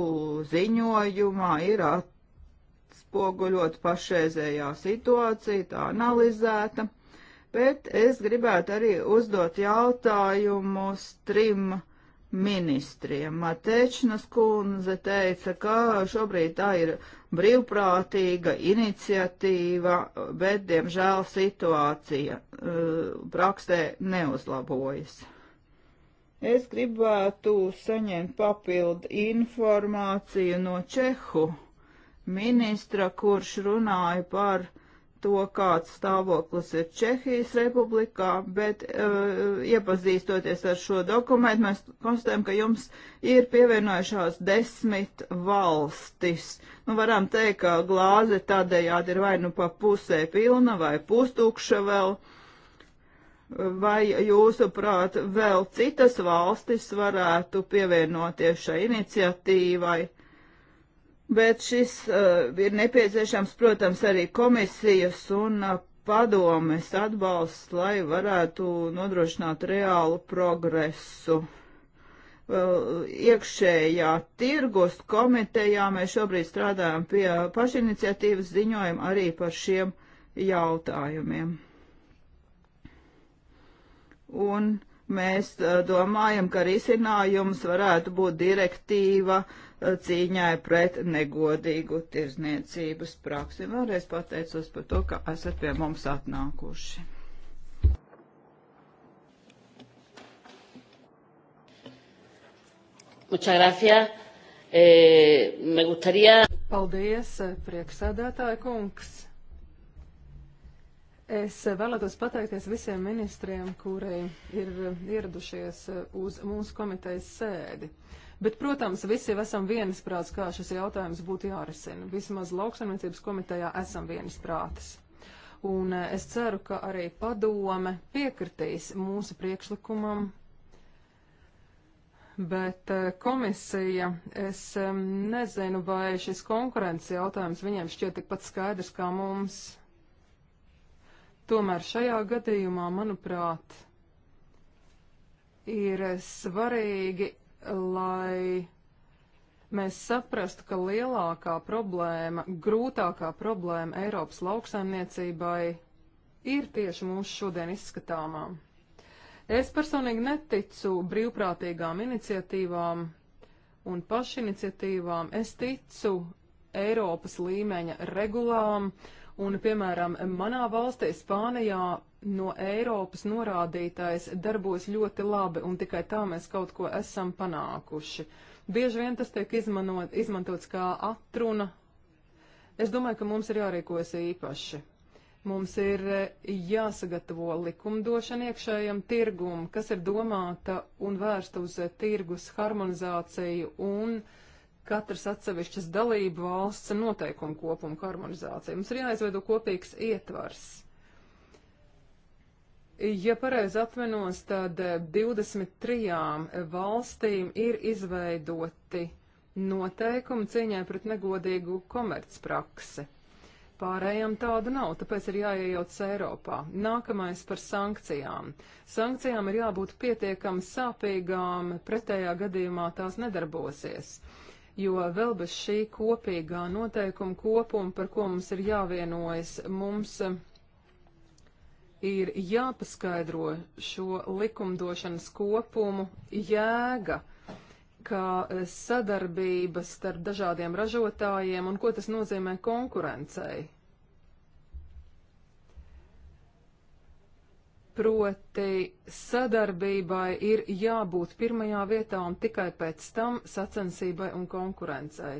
ziņojumā ir atspoguļot pašreizējā situācija, tā analizēta, bet es gribētu arī uzdot jautājumus trim uh, ministriem. Matēčnas kundze teica, ka šobrīd tā ir brīvprātīga iniciatīva, bet, diemžēl, situācija uh, praksē neuzlabojas. Es gribētu saņemt papildu informāciju no Čehu ministra, kurš runāja par to, kāds stāvoklis ir Čehijas republikā, bet uh, iepazīstoties ar šo dokumentu, mēs konstatējam, ka jums ir pievienojušās desmit valstis. Nu, varam teikt, ka glāze tādējādi ir vai nu pa pusē pilna, vai pustukša vēl. Vai jūsuprāt, vēl citas valstis varētu pievienoties šai iniciatīvai? bet šis uh, ir nepieciešams, protams, arī komisijas un uh, padomes atbalsts, lai varētu nodrošināt reālu progresu. Uh, iekšējā tirgus komitejā mēs šobrīd strādājam pie pašiniciatīvas ziņojuma arī par šiem jautājumiem. Un mēs uh, domājam, ka risinājums varētu būt direktīva uh, cīņai pret negodīgu tirzniecības praksi. Vēlreiz pateicos par to, ka esat pie mums atnākuši. Muchas gracias. Eh, me gustaría. Paldies, prieksēdētāja kungs. Es vēlētos pateikties visiem ministriem, kuri ir ieradušies uz mūsu komitejas sēdi. Bet, protams, visi jau esam vienisprāts, kā šis jautājums būtu jārisina. Vismaz lauksaimniecības komitejā esam vienisprātis. Un eh, es ceru, ka arī padome piekritīs mūsu priekšlikumam. Bet eh, komisija, es nezinu, vai šis konkurences jautājums viņiem šķiet tikpat skaidrs kā mums. Tomēr šajā gadījumā, manuprāt, ir svarīgi lai mēs saprastu, ka lielākā problēma, grūtākā problēma Eiropas lauksaimniecībai ir tieši mūsu šodien izskatāmā. Es personīgi neticu brīvprātīgām iniciatīvām un pašiniciatīvām. Es ticu Eiropas līmeņa regulām, uh, Un, piemēram, manā valstī, Spānijā, no Eiropas norādītais darbos ļoti labi, un tikai tā mēs kaut ko esam panākuši. Bieži vien tas tiek izmanot, izmantots kā atruna. Es domāju, ka mums ir jārīkojas īpaši. Mums ir e, jāsagatavo likumdošana iekšējam tirgum, kas ir domāta un vērsta uz e, tirgus harmonizāciju un uh, katras atsevišķas dalību valsts noteikumu kopumu harmonizāciju. Mums ir jāizveido kopīgs ietvars. Ja pareizi atminos, tad 23 eh, valstīm ir izveidoti noteikumi cīņai pret negodīgu komercpraksi. Pārējām tādu nav, tāpēc ir jāiejauc Eiropā. Nākamais par sankcijām. Sankcijām ir jābūt pietiekami sāpīgām, pretējā gadījumā tās nedarbosies. Uh, jo vēl bez šī kopīgā noteikuma kopuma, par ko mums ir jāvienojas, mums eh, ir jāpaskaidro šo likumdošanas kopumu jēga kā eh, sadarbība starp dažādiem ražotājiem un ko tas nozīmē konkurencei. Proti sadarbībai ir jābūt pirmajā vietā un tikai pēc tam sacensībai un konkurencei.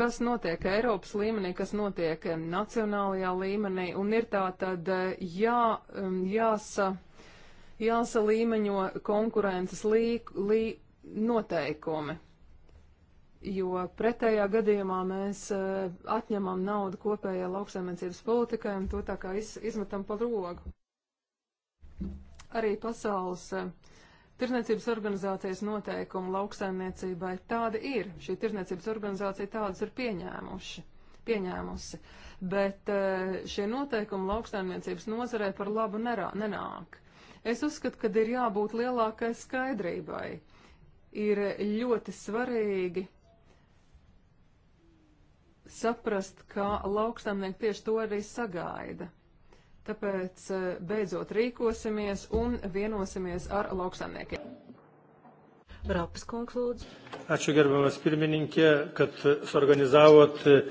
Kas notiek Eiropas līmenī, kas notiek nacionālajā līmenī un ir tā tad eh, jā, um, jāsa, jāsalīmeņo konkurences lī, lī, noteikumi jo pretējā gadījumā mēs eh, atņemam naudu kopējā lauksaimniecības politikai un to tā kā iz, izmetam pa rogu. Arī pasaules eh, tirniecības organizācijas noteikumi lauksaimniecībai tādi ir. Šī tirniecības organizācija tādas ir pieņēmuši. Pieņēmusi, bet eh, šie noteikumi lauksaimniecības nozarē par labu nerā, nenāk. Es uzskatu, ka ir jābūt lielākai skaidrībai. Ir ļoti svarīgi saprast, ka lauksaimnieki tieši to arī sagaida. Tāpēc eh, beidzot rīkosimies un vienosimies ar lauksaimniekiem. Rapas kungs lūdzu. Ačiū gerbiamas pirmininkė, kad suorganizavot. Eh,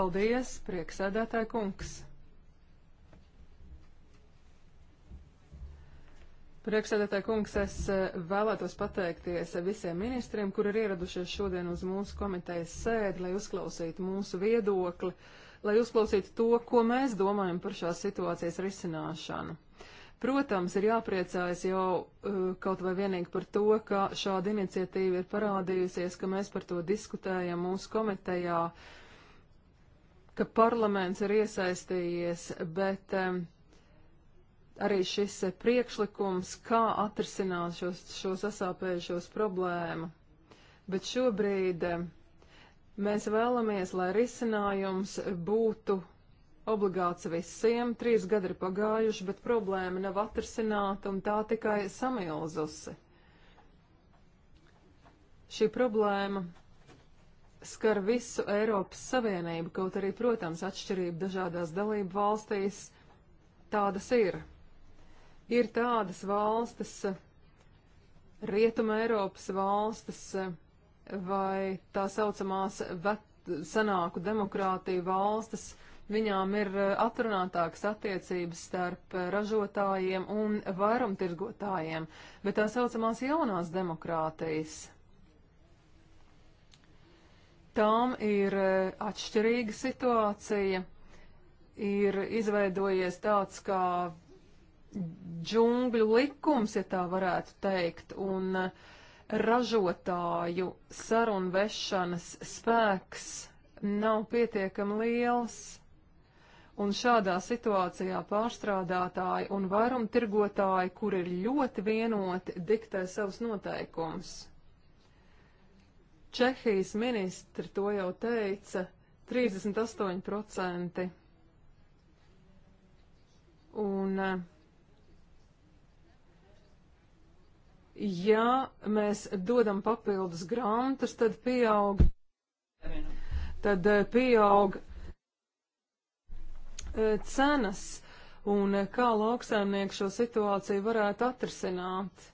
Paldies, prieksēdētāji kungs. Priekšsēdētāji kungs, es eh, vēlētos pateikties visiem ministriem, kur ir ieradušies šodien uz mūsu komitejas sēdi, lai uzklausītu mūsu viedokli, lai uzklausītu to, ko mēs domājam par šās situācijas risināšanu. Protams, ir jāpriecājas jau eh, kaut vai vienīgi par to, ka šāda iniciatīva ir parādījusies, ka mēs par to diskutējam mūsu komitejā, ka parlaments ir iesaistījies, bet arī šis priekšlikums, kā atrisināt šos, šo sasāpējušos problēmu. Bet šobrīd eh, mēs vēlamies, lai risinājums būtu obligāts visiem. Trīs gadi ir pagājuši, bet problēma nav atrisināta un tā tikai samilzusi. Šī problēma skar visu Eiropas Savienību, kaut arī, protams, atšķirība dažādās dalību valstīs tādas ir. Ir tādas valstis, Rietuma Eiropas valstis vai tā saucamās vet, senāku demokrātiju valstis, viņām ir eh, atrunātākas attiecības starp eh, ražotājiem un vairumtirgotājiem, bet tā saucamās jaunās demokrātijas. Tām ir eh, atšķirīga situācija, ir izveidojies tāds kā džungļu likums, ja tā varētu teikt, un eh, ražotāju sarunvešanas spēks nav pietiekami liels. Un šādā situācijā pārstrādātāji un vairumtirgotāji, kur ir ļoti vienoti, diktē savus noteikumus. Čehijas ministri to jau teica - 38%. Un uh, ja mēs dodam papildus grantus, tad pieaug, tad eh, pieaug eh, cenas un eh, kā lauksaimnieki šo situāciju varētu atrisināt.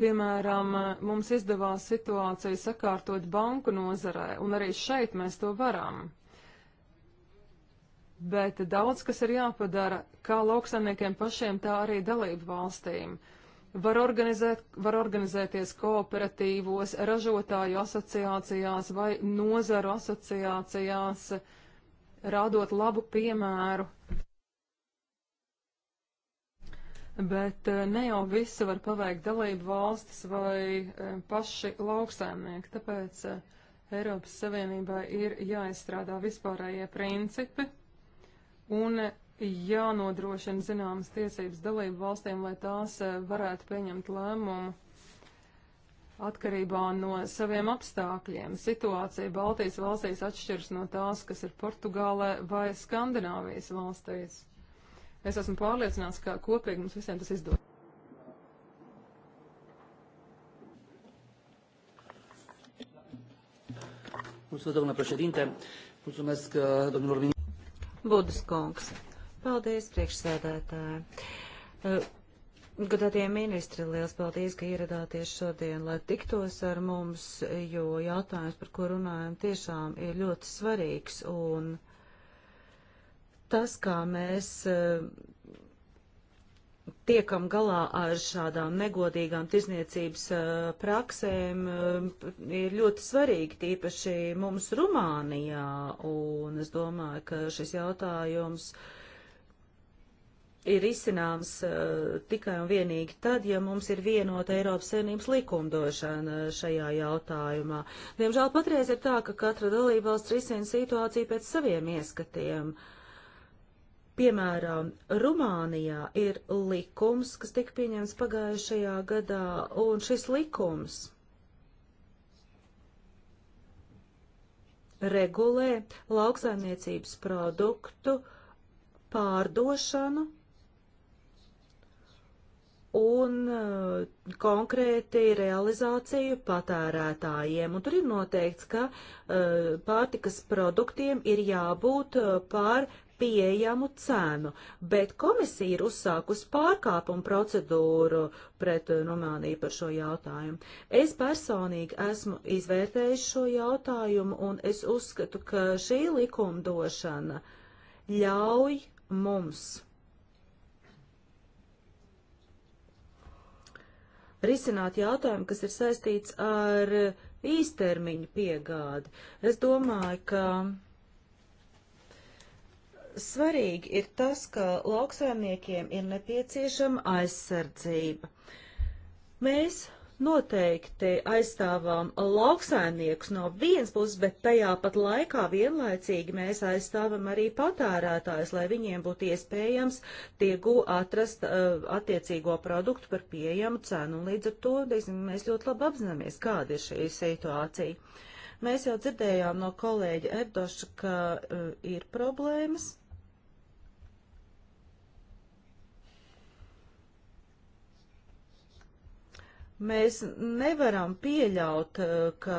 Piemēram, mums izdevās situāciju sakārtot banku nozarē, un arī šeit mēs to varam. Bet daudz kas ir jāpadara kā lauksaimniekiem pašiem, tā arī dalību valstīm. Uh, var, organizēt, var organizēties kooperatīvos, ražotāju asociācijās vai nozaru asociācijās, rādot labu piemēru. Bet eh, ne jau visu var paveikt dalību valstis vai eh, paši lauksēmnieki, tāpēc eh, Eiropas Savienībai ir jāizstrādā vispārējie principi un jānodrošina zināmas tiesības dalību valstīm, lai tās eh, varētu pieņemt lēmumu atkarībā no saviem apstākļiem. Situācija Baltijas valstīs atšķiras no tās, kas ir Portugālē vai Skandināvijas valstīs. Es esmu pārliecināts, ka kopīgi mums visiem tas izdodas. Mulțumesc, domnule președinte. Mulțumesc, domnilor ministri. Budas kungs. Paldies, priekšsēdētāji. Eh, godātie ministri, liels paldies, ka ieradāties šodien, lai tiktos ar mums, jo jautājums, par ko runājam, tiešām ir ļoti svarīgs. Un tas, kā mēs eh, tiekam galā ar šādām negodīgām tirzniecības eh, praksēm ir ļoti svarīgi, tīpaši mums Rumānijā, un es domāju, ka šis jautājums uh, ir izcināms uh, tikai un vienīgi tad, ja mums ir vienota Eiropas saimnības likumdošana eh, šajā jautājumā. Diemžēl patreiz ir tā, ka katra dalībvalsts risina situāciju pēc saviem ieskatiem. Piemēram, Rumānijā ir likums, kas tika pieņemts pagājušajā gadā, un šis likums regulē lauksaimniecības produktu pārdošanu un uh, konkrēti realizāciju patērētājiem. Un tur ir noteikts, ka uh, pārtikas produktiem ir jābūt uh, pār pieejamu cenu, bet komisija ir uzsākusi pārkāpumu procedūru pret uh, Rumāniju par šo jautājumu. Es personīgi esmu izvērtējis šo jautājumu un es uzskatu, ka šī likumdošana ļauj mums risināt jautājumu, kas ir saistīts ar īstermiņu piegādi. Es domāju, ka svarīgi ir tas, ka lauksaimniekiem ir nepieciešama aizsardzība. Mēs noteikti aizstāvām lauksaimniekus no vienas puses, bet tajā pat laikā vienlaicīgi mēs aizstāvam arī patērētājus, lai viņiem būtu iespējams tiegū atrast uh, attiecīgo produktu par pieejamu cenu. Un līdz ar to, teiksim, mēs ļoti labi apzināmies, kāda ir šī situācija. Mēs jau dzirdējām no kolēģa Erdoša, ka uh, ir problēmas Mēs nevaram pieļaut, eh, ka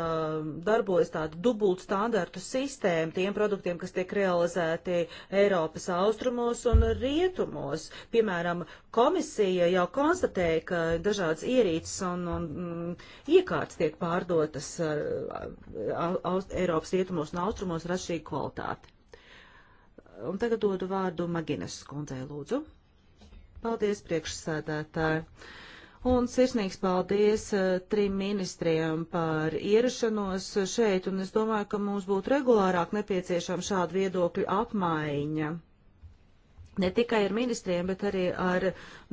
darbojas tāda dubult standartu sistēma tiem produktiem, kas tiek realizēti Eiropas austrumos un rietumos. Piemēram, komisija jau konstatēja, ka dažādas ierīces un, un mm, iekārtas tiek pārdotas eh, aust, Eiropas rietumos un austrumos ar šī kvalitāti. Un tagad dodu vārdu Maginas skundzei, lūdzu. Paldies, priekšsēdētāji. Uh, Un sirsnīgs paldies eh, trim ministriem par ierašanos šeit, un es domāju, ka mums būtu regulārāk nepieciešama šāda viedokļu apmaiņa. Ne tikai ar ministriem, bet arī ar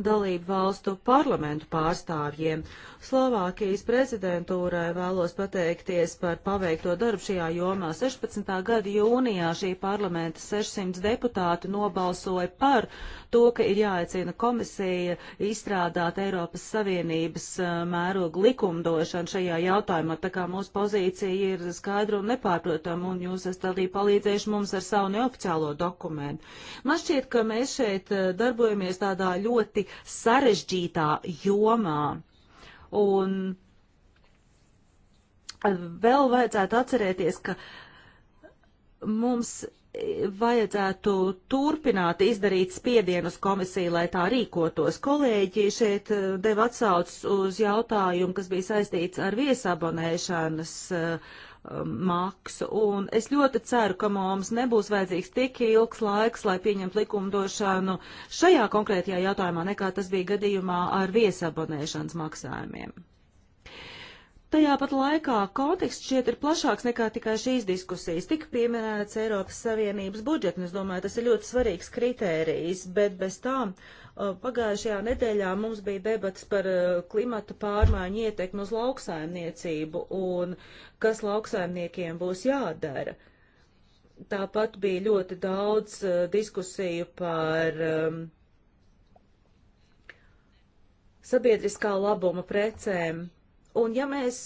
dalību valstu parlamentu pārstāvjiem. Slovākijas prezidentūrai vēlos pateikties par paveikto darbu šajā jomā. 16. gada jūnijā šī parlamenta 600 deputāti nobalsoja par to, ka ir jāaicina komisija izstrādāt Eiropas Savienības eh, mērogu likumdošanu šajā jautājumā. Tā kā mūsu pozīcija ir skaidra un nepārprotama, un jūs esat arī palīdzējuši mums ar savu neoficiālo dokumentu. Man šķiet, ka mēs šeit eh, darbojamies tādā ļoti sarežģītā jomā. Un eh, vēl vajadzētu atcerēties, ka mums vajadzētu turpināt izdarīt spiedienus komisiju, lai tā rīkotos. Kolēģi šeit eh, deva atsaucas uz jautājumu, kas bija saistīts ar viesabonēšanas uh, maksu, un es ļoti ceru, ka mums nebūs vajadzīgs tik ilgs laiks, lai pieņemtu likumdošanu šajā konkrētajā jautājumā, nekā tas bija gadījumā ar viesabonēšanas maksājumiem. Tajā pat laikā konteksts šķiet ir plašāks nekā tikai šīs diskusijas. Tik pieminēts Eiropas Savienības budžets, un es domāju, tas ir ļoti svarīgs kritērijs, bet bez tām pagājušajā nedēļā mums bija debats par klimata pārmaiņu ietekmi uz lauksaimniecību un kas lauksaimniekiem būs jādara. Tāpat bija ļoti daudz diskusiju par um, sabiedriskā labuma precēm Un ja mēs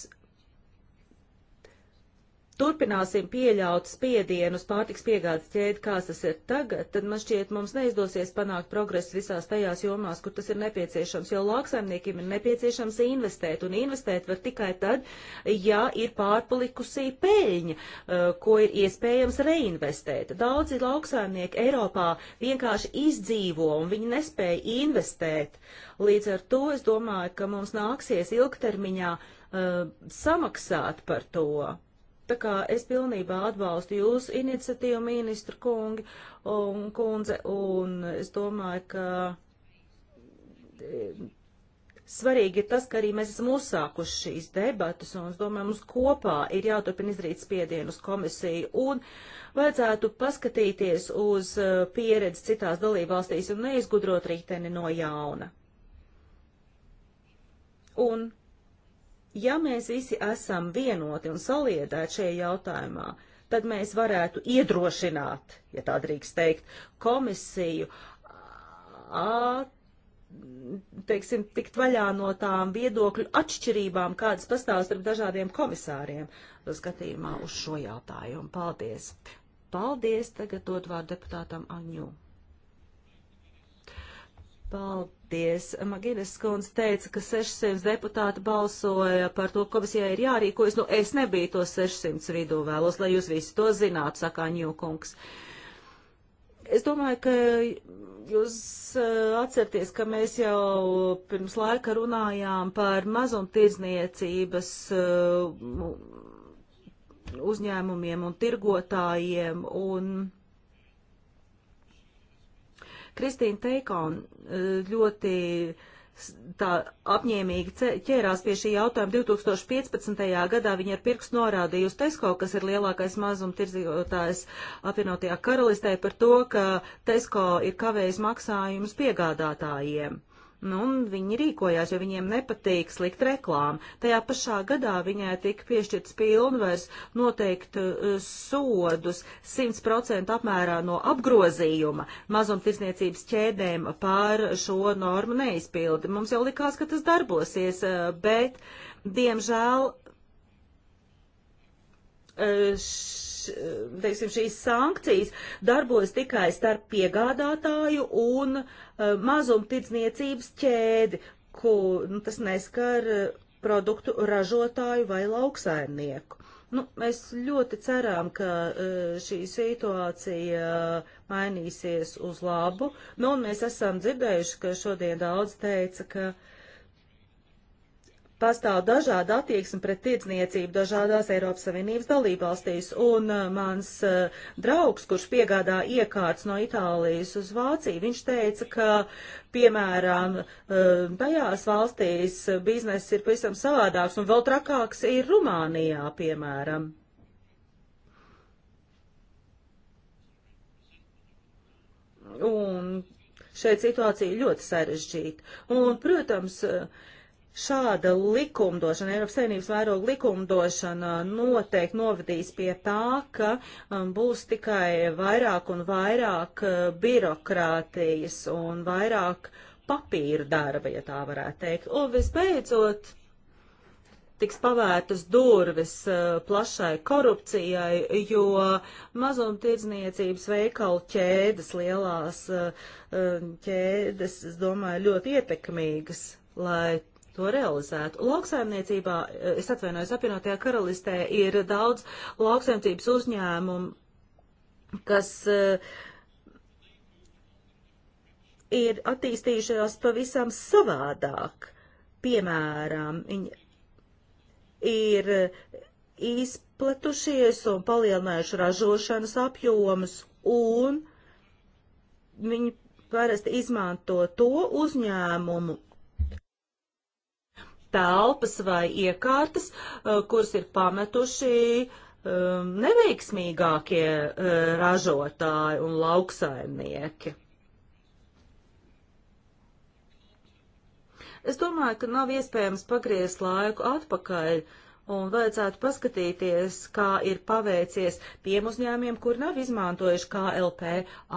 turpināsim pieļaut spiedienu uz pārtiks piegādes ķēdi, kāds tas ir tagad, tad man šķiet mums neizdosies panākt progresu visās tajās jomās, kur tas ir nepieciešams, jo lauksaimniekiem ir nepieciešams investēt, un investēt var tikai tad, ja ir pārpalikusī peļņa, eh, ko ir iespējams reinvestēt. Daudzi lauksaimnieki Eiropā vienkārši izdzīvo, un viņi nespēja investēt. Līdz ar to es domāju, ka mums nāksies ilgtermiņā uh, samaksāt par to. Tā kā es pilnībā atbalstu jūsu iniciatīvu, ministru kungi un kundze, un es domāju, ka e, svarīgi ir tas, ka arī mēs esam uzsākuši šīs debatas, un es domāju, mums kopā ir jāturpina izdarīt spiedienu uz komisiju, un vajadzētu paskatīties uz e, pieredzi citās dalībvalstīs un neizgudrot rīteni no jauna. Un Ja mēs visi esam vienoti un saliedēti šajā jautājumā, tad mēs varētu iedrošināt, ja tā drīkst teikt, komisiju, a, teiksim, tikt vaļā no tām viedokļu atšķirībām, kādas pastāv starp dažādiem komisāriem skatījumā uz šo jautājumu. Paldies! Paldies! Tagad dod vārdu deputātam Aņū. Paldies. Maginas skundze teica, ka 600 deputāti balsoja par to, komisijai ir jārīkojas. Nu, es nebiju to 600 vidū vēlos, lai jūs visi to zinātu, sakā Ņūkungs. Es domāju, ka jūs eh, atcerieties, ka mēs jau pirms laika runājām par mazumtirdzniecības eh, uzņēmumiem un tirgotājiem, un Kristīna Teikon eh, ļoti tā apņēmīgi ķērās pie šī jautājuma 2015. gadā. Viņa ar pirkstu norādīja uz Tesco, kas ir lielākais mazumtirdzotājs apvienotajā karalistē, par to, ka Tesco ir kavējis maksājumus piegādātājiem. Nu, un viņi rīkojās, jo viņiem nepatīk slikt reklāmu. Tajā pašā gadā viņai tika piešķirts pilnvers noteikt uh, sodus 100% apmērā no apgrozījuma mazumtirdzniecības ķēdēm par šo normu neizpildi. Mums jau likās, ka tas darbosies, uh, bet, diemžēl, uh, teiksim, šīs sankcijas darbojas tikai starp piegādātāju un uh, mazumtirdzniecības ķēdi, ko nu, tas neskar e, produktu ražotāju vai lauksaimnieku. Nu, mēs ļoti ceram, ka e, šī situācija mainīsies uz labu. Nu, un mēs esam dzirdējuši, ka šodien daudz teica, ka pastāv dažāda attieksme pret tirdzniecību dažādās Eiropas Savienības dalībvalstīs, un uh, mans uh, draugs, kurš piegādā iekārts no Itālijas uz Vāciju, viņš teica, ka, piemēram, uh, tajās valstīs bizness ir pavisam savādāks, un vēl trakāks ir Rumānijā, piemēram. Un šeit situācija ļoti sarežģīta. Un, protams, uh, šāda likumdošana, Eiropas Savienības vairoga likumdošana noteikti novadīs pie tā, ka um, būs tikai vairāk un vairāk uh, birokrātijas un vairāk papīra darba, ja tā varētu teikt. Un visbeidzot, tiks pavērtas durvis uh, plašai korupcijai, jo mazumtirdzniecības veikalu ķēdes, lielās uh, uh ķēdes, es domāju, ļoti ietekmīgas, lai to realizētu. Lauksaimniecībā, eh, es atvainojos, apvienotajā karalistē ir daudz lauksaimniecības uzņēmumu, kas eh, ir attīstījušās pavisam savādāk. Piemēram, viņi ir izplatušies un palielinājuši ražošanas apjomus un viņi parasti izmanto to uzņēmumu telpas vai iekārtas, eh, kuras ir pametuši eh, neveiksmīgākie eh, ražotāji un lauksaimnieki. Es domāju, ka nav iespējams pagriezt laiku atpakaļ un vajadzētu paskatīties, kā ir paveicies tiem uzņēmiem, kur nav izmantojuši KLP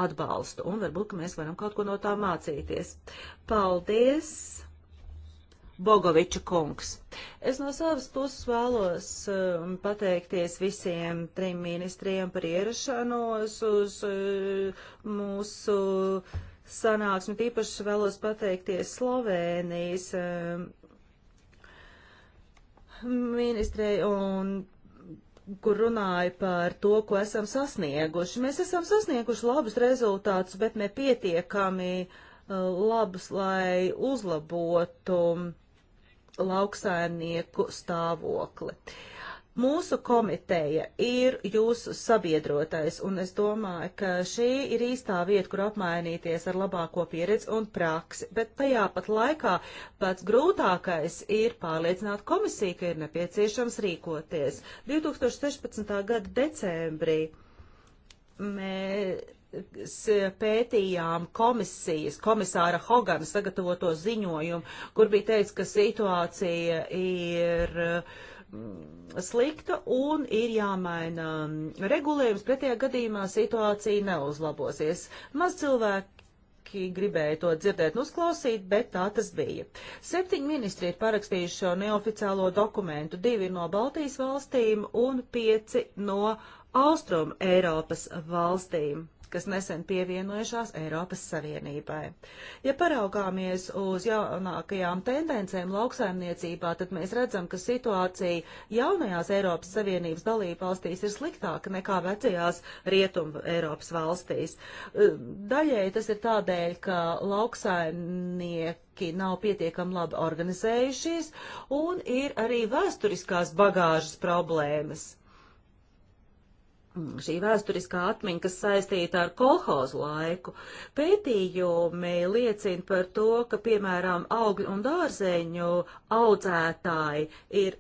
atbalstu, un varbūt, ka mēs varam kaut ko no tā mācīties. Paldies! Bogoviča kungs. Es no savas puses vēlos uh, pateikties visiem trim ministriem par ierašanos uz uh, mūsu sanāksmi. Tīpaši vēlos pateikties Slovēnijas uh, um, ministrei un kur runāja par to, ko esam sasnieguši. Mēs esam sasnieguši labus rezultātus, bet nepietiekami uh, labus, lai uzlabotu lauksaimnieku stāvokli. Mūsu komiteja ir jūsu sabiedrotais, un es domāju, ka šī ir īstā vieta, kur apmainīties ar labāko pieredzi un praksi, bet tajā pat laikā pats grūtākais ir pārliecināt komisiju, ka ir nepieciešams rīkoties. 2016. gada decembrī mē, pētījām komisijas, komisāra Hogana sagatavoto ziņojumu, kur bija teicis, ka situācija ir mm, slikta un ir jāmaina regulējums, pretējā gadījumā situācija neuzlabosies. Maz cilvēki gribēja to dzirdēt un uzklausīt, bet tā tas bija. Septiņi ministri ir parakstījuši šo neoficiālo dokumentu, divi no Baltijas valstīm un pieci no Austrum Eiropas valstīm kas nesen pievienojušās Eiropas Savienībai. Ja paraugāmies uz jaunākajām tendencēm lauksaimniecībā, tad mēs redzam, ka situācija jaunajās Eiropas Savienības dalība valstīs ir sliktāka nekā vecajās Rietumu Eiropas valstīs. Daļai tas ir tādēļ, ka lauksaimnieki nav pietiekami labi organizējušies un ir arī vēsturiskās bagāžas problēmas šī vēsturiskā atmiņa, kas saistīta ar kolhozu laiku. Pētījumi liecina par to, ka, piemēram, augļu un dārzeņu audzētāji ir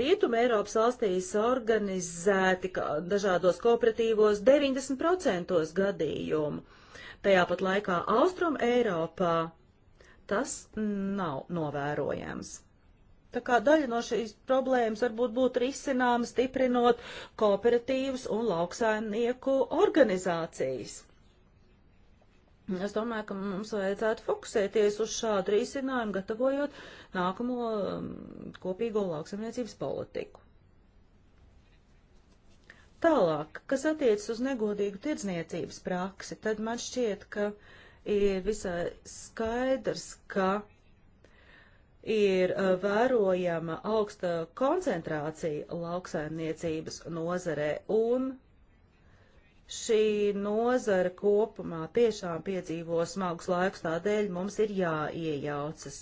Rietuma Eiropas valstīs organizēti dažādos kooperatīvos 90% gadījumu. Tajā pat laikā Austrum Eiropā tas nav novērojams. Tā kā daļa no šīs problēmas varbūt būtu risināma stiprinot kooperatīvas un lauksaimnieku organizācijas. Es domāju, ka mums vajadzētu fokusēties uz šādu risinājumu, gatavojot nākamo um, kopīgo lauksaimniecības politiku. Tālāk, kas attiecas uz negodīgu tirdzniecības praksi, tad man šķiet, ka ir visai skaidrs, ka ir uh, vērojama augsta koncentrācija lauksaimniecības nozarē, un šī nozara kopumā tiešām piedzīvo smagus laikus, tādēļ mums ir jāiejaucas.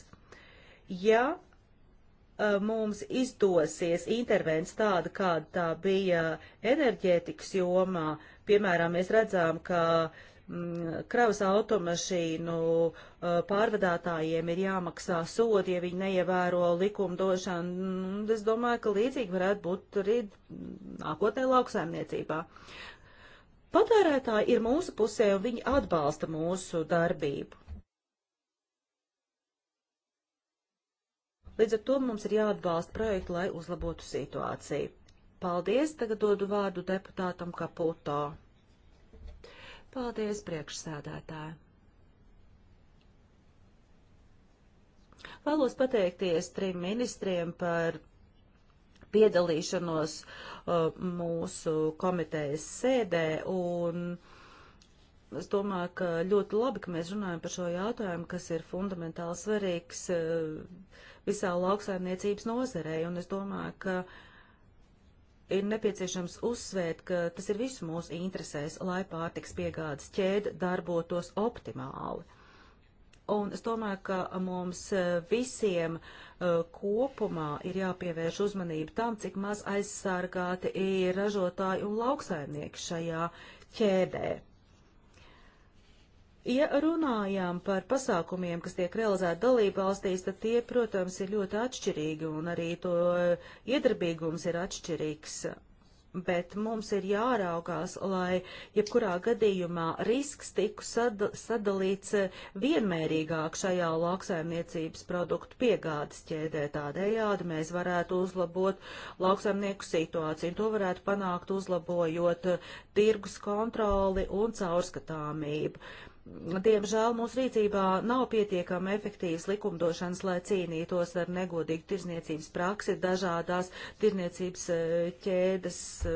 Ja uh, mums izdosies intervents tāda, kāda tā bija enerģētikas jomā, piemēram, mēs redzām, ka uh, Mm, kravas automašīnu uh, pārvadātājiem ir jāmaksā sodi, ja viņi neievēro likumdošanu. Mm, es domāju, ka līdzīgi varētu būt arī nākotnē lauksaimniecībā. Patērētāji ir mūsu pusē un viņi atbalsta mūsu darbību. Līdz ar to mums ir jāatbalsta projekti, lai uzlabotu situāciju. Paldies, tagad dodu vārdu deputātam Kaputo. Paldies, priekšsēdētāji! Vēlos pateikties trim ministriem par piedalīšanos uh, mūsu komitejas sēdē un es domāju, ka ļoti labi, ka mēs runājam par šo jautājumu, kas ir fundamentāli svarīgs uh, visā lauksaimniecības nozarei un es domāju, ka uh, ir nepieciešams uzsvērt, ka tas ir visu mūsu interesēs, lai pārtiks piegādes ķēde darbotos optimāli. Un es domāju, ka mums e, visiem uh, kopumā ir jāpievērš uzmanība tam, cik maz aizsargāti ir ražotāji un lauksaimnieki šajā ķēdē. Ja runājām par pasākumiem, kas tiek realizēti dalību valstīs, tad tie, protams, ir ļoti atšķirīgi un arī to iedarbīgums ir atšķirīgs. Bet mums ir jāraugās, lai jebkurā gadījumā risks tiku sad sadalīts vienmērīgāk šajā lauksaimniecības produktu piegādes ķēdē. Tādējādi mēs varētu uzlabot lauksaimnieku situāciju, un to varētu panākt uzlabojot tirgus kontroli un caurskatāmību. Uh, Diemžēl mūsu rīcībā nav pietiekami efektīvas likumdošanas, lai cīnītos ar negodīgu tirzniecības praksi dažādās tirzniecības e, ķēdes, e,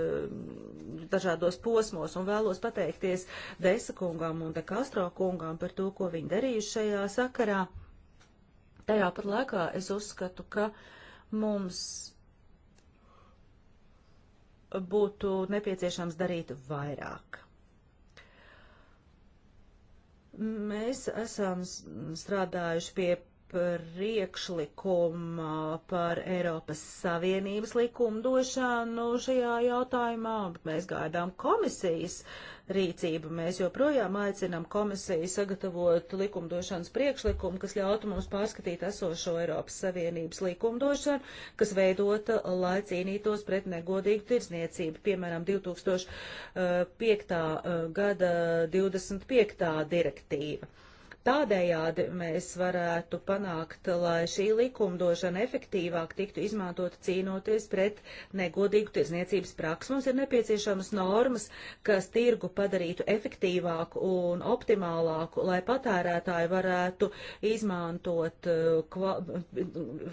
dažādos posmos. Un vēlos pateikties Desa kungam un De Castro kungam par to, ko viņi darījuši šajā sakarā. Tajā pat laikā es uzskatu, ka mums būtu nepieciešams darīt vairāk. Mēs esam strādājuši pie priekšlikuma par Eiropas Savienības likumdošanu šajā jautājumā. Mēs gaidām komisijas rīcību. Mēs joprojām aicinām komisiju sagatavot likumdošanas priekšlikumu, kas ļautu mums pārskatīt esošo Eiropas Savienības likumdošanu, kas veidota, lai cīnītos pret negodīgu tirzniecību. Piemēram, 2005. Eh, gada 25. direktīva. Tādējādi mēs varētu panākt, lai šī likumdošana efektīvāk tiktu izmantota cīnoties pret negodīgu tirzniecības praksu. Mums ir nepieciešamas normas, kas tirgu padarītu efektīvāku un optimālāku, lai patērētāji varētu izmantot, eh, kva,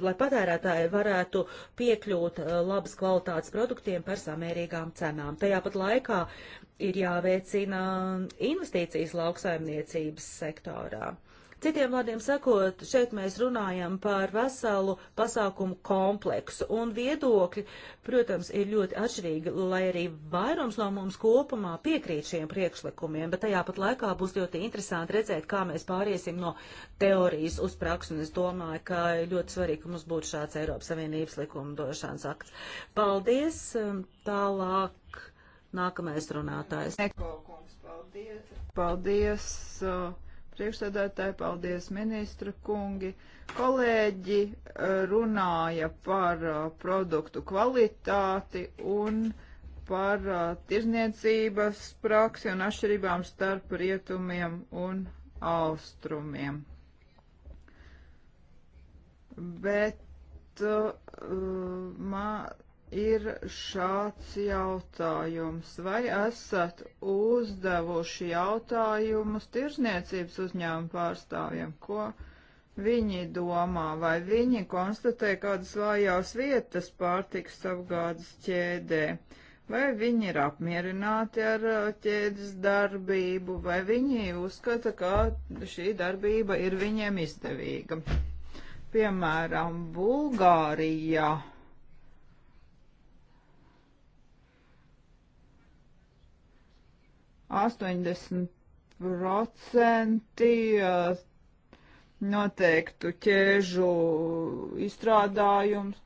lai patērētāji varētu piekļūt eh, labas kvalitātes produktiem par samērīgām cenām. Tajāpat laikā ir jāveicina investīcijas lauksaimniecības sektorā. Citiem vārdiem sakot, šeit mēs runājam par veselu pasākumu kompleksu, un viedokļi, protams, ir ļoti atšķirīgi, lai arī vairums no mums kopumā piekrīt šiem priekšlikumiem, bet tajā pat laikā būs ļoti interesanti redzēt, kā mēs pāriesim no teorijas uz praksu, un es domāju, ka ļoti svarīgi, ka mums būtu šāds Eiropas Savienības likumdošanas akts. Paldies! Um, tālāk Nākamais runātājs. Paldies, paldies priekšsēdētāji, paldies ministra kungi. Kolēģi e, runāja par produktu kvalitāti un par tirzniecības praksi un atšķirībām starp rietumiem un austrumiem. Bet uh, man ir šāds jautājums. Vai esat uzdevuši jautājumus tirzniecības uzņēmumu pārstāvjiem, ko viņi domā, vai viņi konstatē kādas vājās vietas pārtiks apgādes ķēdē, vai viņi ir apmierināti ar uh, ķēdes darbību, vai viņi uzskata, ka šī darbība ir viņiem izdevīga. Piemēram, Bulgārijā 80% noteiktu ķēžu izstrādājums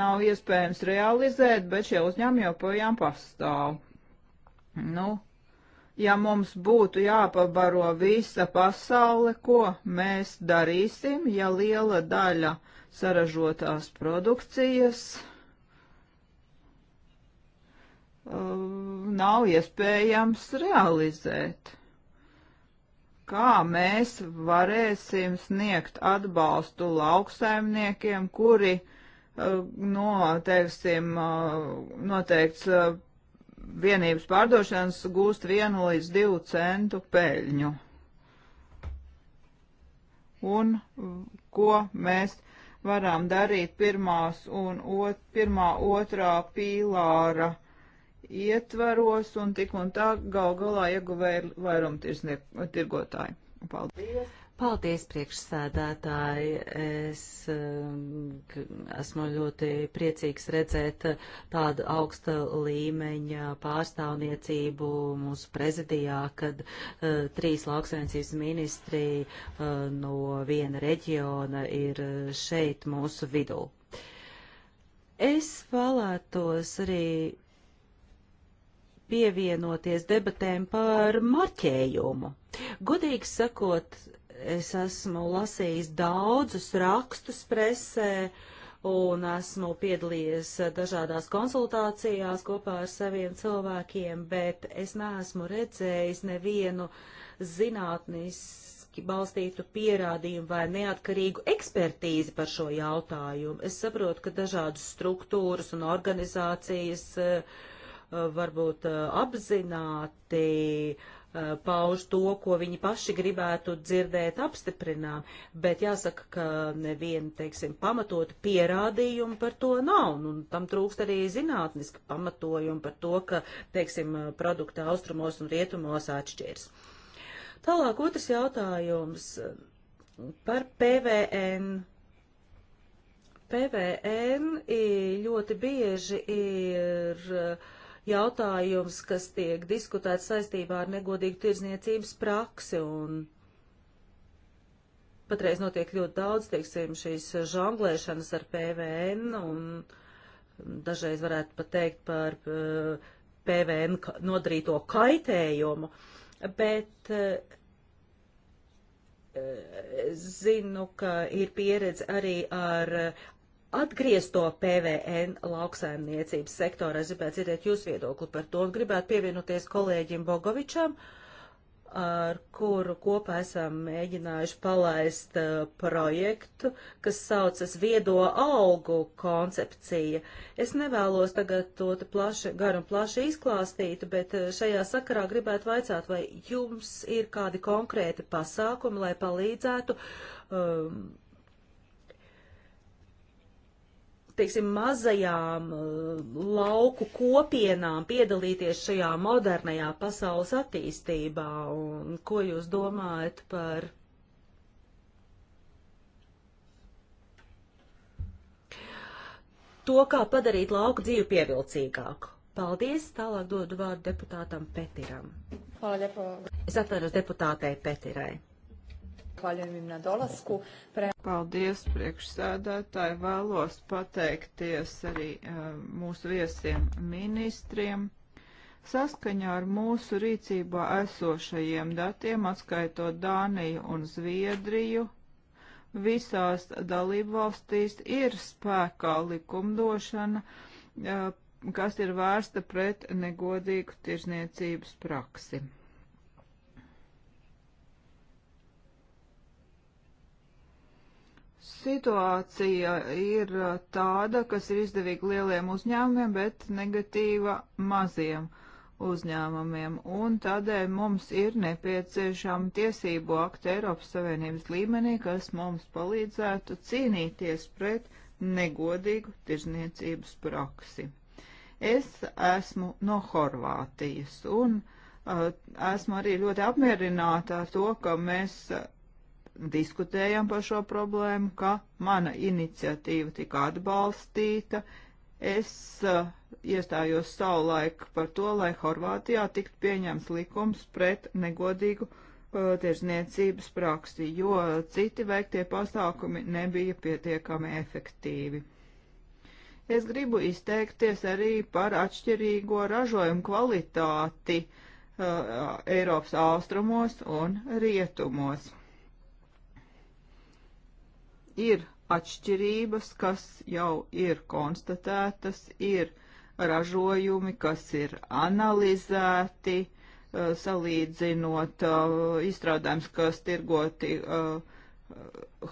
nav iespējams realizēt, bet šie uzņēmumi joprojām pastāv. Nu, ja mums būtu jāpabaro visa pasaule, ko mēs darīsim, ja liela daļa saražotās produkcijas Uh, nav iespējams realizēt. Kā mēs varēsim sniegt atbalstu lauksaimniekiem, kuri, uh, no, teiksim, uh, noteikts vienības pārdošanas gūst vienu līdz divu centu peļņu? Un ko mēs varam darīt pirmās un ot, pirmā otrā pīlāra? ietvaros un tik un tā gal galā ieguvēja vairum tirgotāji. Paldies! Paldies, priekšsēdētāji. Es um, esmu ļoti priecīgs redzēt tādu augsta līmeņa pārstāvniecību mūsu prezidijā, kad uh, trīs lauksaimniecības ministri uh, no viena reģiona ir šeit mūsu vidū. Es vēlētos arī pievienoties debatēm par marķējumu. Godīgi sakot, es esmu lasījis daudzus rakstus presē un esmu piedalījies dažādās konsultācijās kopā ar saviem cilvēkiem, bet es neesmu redzējis nevienu zinātniski balstītu pierādījumu vai neatkarīgu ekspertīzi par šo jautājumu. Es saprotu, ka dažādas struktūras un organizācijas uh, Uh, varbūt uh, apzināti uh, pauž to, ko viņi paši gribētu dzirdēt apstiprinām, bet jāsaka, ka neviena, teiksim, pamatota pierādījuma par to nav, un nu, tam trūkst arī zinātniska pamatojuma par to, ka, teiksim, produkta austrumos un rietumos atšķirs. Tālāk otrs jautājums par PVN. PVN ļoti bieži ir uh, jautājums, kas tiek diskutēts saistībā ar negodīgu tirzniecības praksi. Un patreiz notiek ļoti daudz, teiksim, šīs žonglēšanas ar PVN, un dažreiz varētu pat teikt par eh, PVN nodarīto kaitējumu. Bet eh, zinu, ka ir pieredze arī ar atgriezto PVN lauksaimniecības sektorā. Es gribētu dzirdēt jūs viedokli par to un gribētu pievienoties kolēģim Bogovičam, ar kuru kopā esam mēģinājuši palaist uh, projektu, kas saucas viedo algu koncepcija. Es nevēlos tagad to plaši, garu un plaši izklāstīt, bet uh, šajā sakarā gribētu vaicāt, vai jums ir kādi konkrēti pasākumi, lai palīdzētu um, teiksim, mazajām eh, lauku kopienām piedalīties šajā modernajā pasaules attīstībā? Un ko jūs domājat par? To, kā padarīt lauku dzīvi pievilcīgāku. Paldies, tālāk dodu vārdu deputātam Petiram. Hvala lijepo. Es atvainojos deputātei Petirai zahvaljujem im na dolasku. Pre... Paldies, priekšsēdētāji. Vēlos pateikties arī eh, mūsu viesiem ministriem. Saskaņā ar mūsu rīcībā esošajiem datiem, atskaitot Dāniju un Zviedriju, visās dalībvalstīs ir spēkā likumdošana, eh, kas ir vērsta pret negodīgu tirzniecības praksi. Situācija ir uh, tāda, kas ir izdevīga lieliem uzņēmumiem, bet negatīva maziem uzņēmumiem, un tādēļ mums ir nepieciešama tiesību akta Eiropas Savienības līmenī, kas mums palīdzētu cīnīties pret negodīgu tirzniecības praksi. Es esmu no Horvātijas, un uh, esmu arī ļoti apmierināta ar to, ka mēs uh, diskutējām par šo problēmu, ka mana iniciatīva tika atbalstīta. Es uh, iestājos savulaik par to, lai Horvātijā tikt pieņems likums pret negodīgu uh, tirzniecības praksi, jo citi veiktie pasākumi nebija pietiekami efektīvi. Es gribu izteikties arī par atšķirīgo ražojumu kvalitāti uh, Eiropas austrumos un rietumos ir atšķirības, kas jau ir konstatētas, ir ražojumi, kas ir analizēti, uh, salīdzinot uh, izstrādājums, kas tirgoti uh,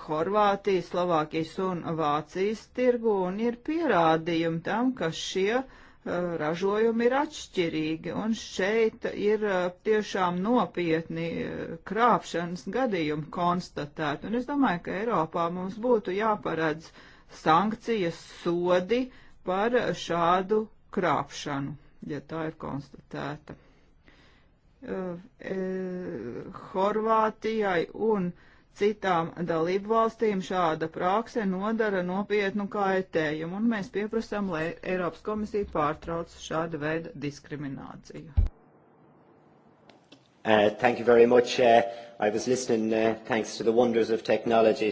Horvātijas, Slovākijas un Vācijas tirgu, un ir pierādījumi tam, ka šie uh, ražojumi ir atšķirīgi, un šeit ir uh, tiešām nopietni uh, krāpšanas gadījumi konstatēti. Un es domāju, ka Eiropā mums būtu jāparedz sankcijas sodi par šādu krāpšanu, ja tā ir konstatēta. Uh, e, Horvātijai un uh, Citām dalību valstīm šāda prakse nodara nopietnu kaitējumu, un mēs pieprasām, lai Eiropas komisija pārtrauc šāda veida diskrimināciju. Uh, thank you very much. Uh, I was listening, uh, thanks to the wonders of technology.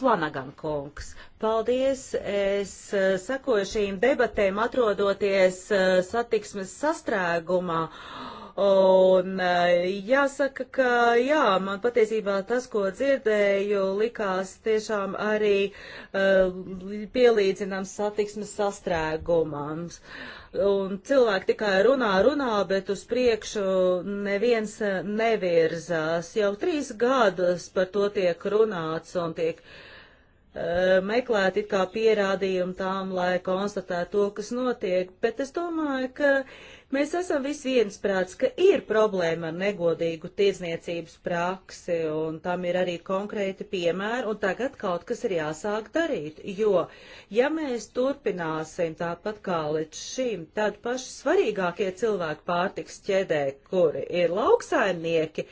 Flanagan kungs, paldies. Es uh, sakoju šīm debatēm atrodoties uh, satiksmes sastrēgumā. Uh, Un eh, jāsaka, ka jā, man patiesībā tas, ko dzirdēju, likās tiešām arī uh, pielīdzināms satiksmes sastrēgumam. Un cilvēki tikai runā, runā, bet uz priekšu neviens eh, nevirzās. Jau trīs gadus par to tiek runāts un tiek meklēt it kā pierādījumu tām, lai konstatētu to, kas notiek, bet es domāju, ka Mēs esam visi viensprāts, ka ir problēma ar negodīgu tiesniecības praksi, un tam ir arī konkrēti piemēri, un tagad kaut kas ir jāsāk darīt, jo, ja mēs turpināsim tāpat kā līdz šim, tad paši svarīgākie cilvēki pārtiks ķedē, kuri ir lauksaimnieki,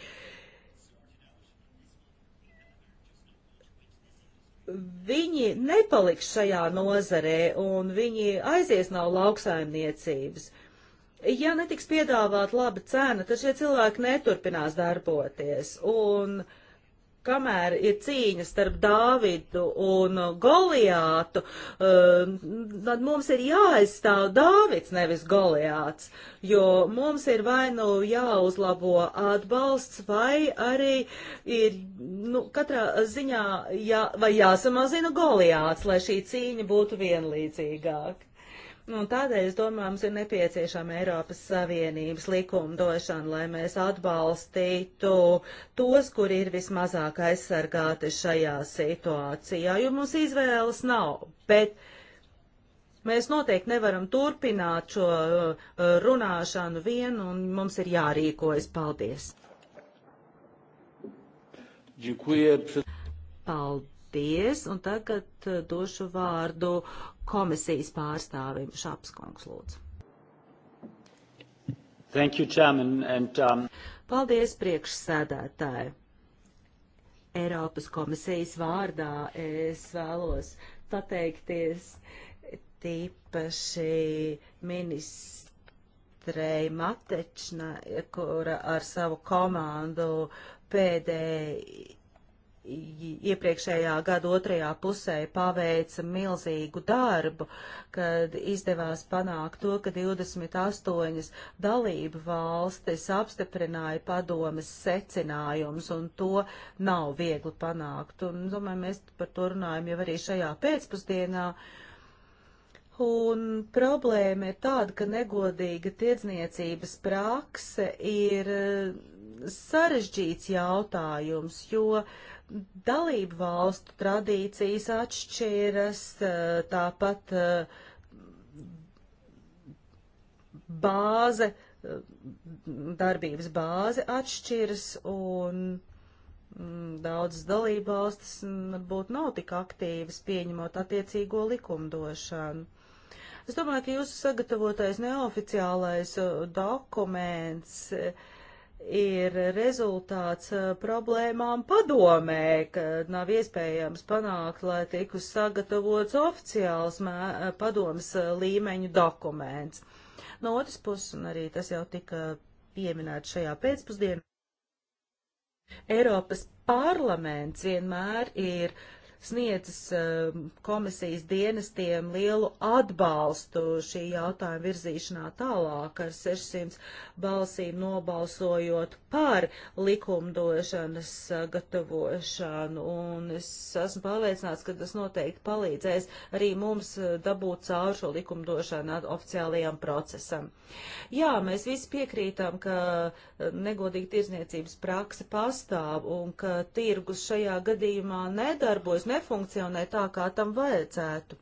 viņi nepaliks šajā nozarē un viņi aizies no lauksaimniecības ja netiks piedāvāt laba cena, tad šie cilvēki neturpinās darboties. Un kamēr ir cīņa starp Dāvidu un Goliātu, um, tad mums ir jāaizstāv Dāvids, nevis Goliāts, jo mums ir vai nu jāuzlabo atbalsts, vai arī ir, nu, katrā ziņā jā, vai jāsamazina Goliāts, lai šī cīņa būtu vienlīdzīgāka. Un tādēļ, es domāju, mums ir nepieciešama Eiropas Savienības likumdošana, lai mēs atbalstītu tos, kuri ir vismazāk aizsargāti šajā situācijā, jo mums izvēles nav. Bet mēs noteikti nevaram turpināt šo uh, runāšanu vien, un mums ir jārīkojas. Paldies! Paldies! Un tagad uh, došu vārdu komisijas pārstāvim Šapskungs lūdzu. Thank you, Chairman, and, um... Paldies priekšsēdētāji. Eiropas komisijas vārdā es vēlos pateikties tīpaši ministrei Matečnai, kura ar savu komandu pēdēji iepriekšējā gada otrajā pusē paveica milzīgu darbu, kad izdevās panākt to, ka 28 dalību valstis apstiprināja padomes secinājums, un to nav viegli panākt. Un, domāju, mēs par to runājam jau arī šajā pēcpusdienā. Un problēma ir tāda, ka negodīga tiedzniecības prakse ir eh, sarežģīts jautājums, jo uh, Dalību valstu tradīcijas atšķiras, eh, tāpat eh, bāze, eh, darbības bāze atšķiras un mm, daudzas dalību valstis varbūt nav tik aktīvas pieņemot attiecīgo likumdošanu. Es domāju, ka jūsu sagatavotais neoficiālais dokuments uh, ir rezultāts eh, problēmām padomē, ka nav iespējams panākt, lai tiku sagatavots oficiāls eh, padomas eh, līmeņu dokuments. No otras puses, un arī tas jau tika pieminēts šajā pēcpusdienā, Eiropas parlaments vienmēr ir uh, sniedzis um, komisijas dienestiem lielu atbalstu šī jautājuma virzīšanā tālāk ar 600 balsīm nobalsojot par likumdošanas gatavošanu. Un es esmu pārliecināts, ka tas noteikti palīdzēs arī mums uh, dabūt caur šo likumdošanu oficiālajam procesam. Jā, mēs visi piekrītam, ka uh, negodīga tirzniecības praksa pastāv un ka tirgus šajā gadījumā nedarbojas nefunkcionē tā, kā tam vajadzētu.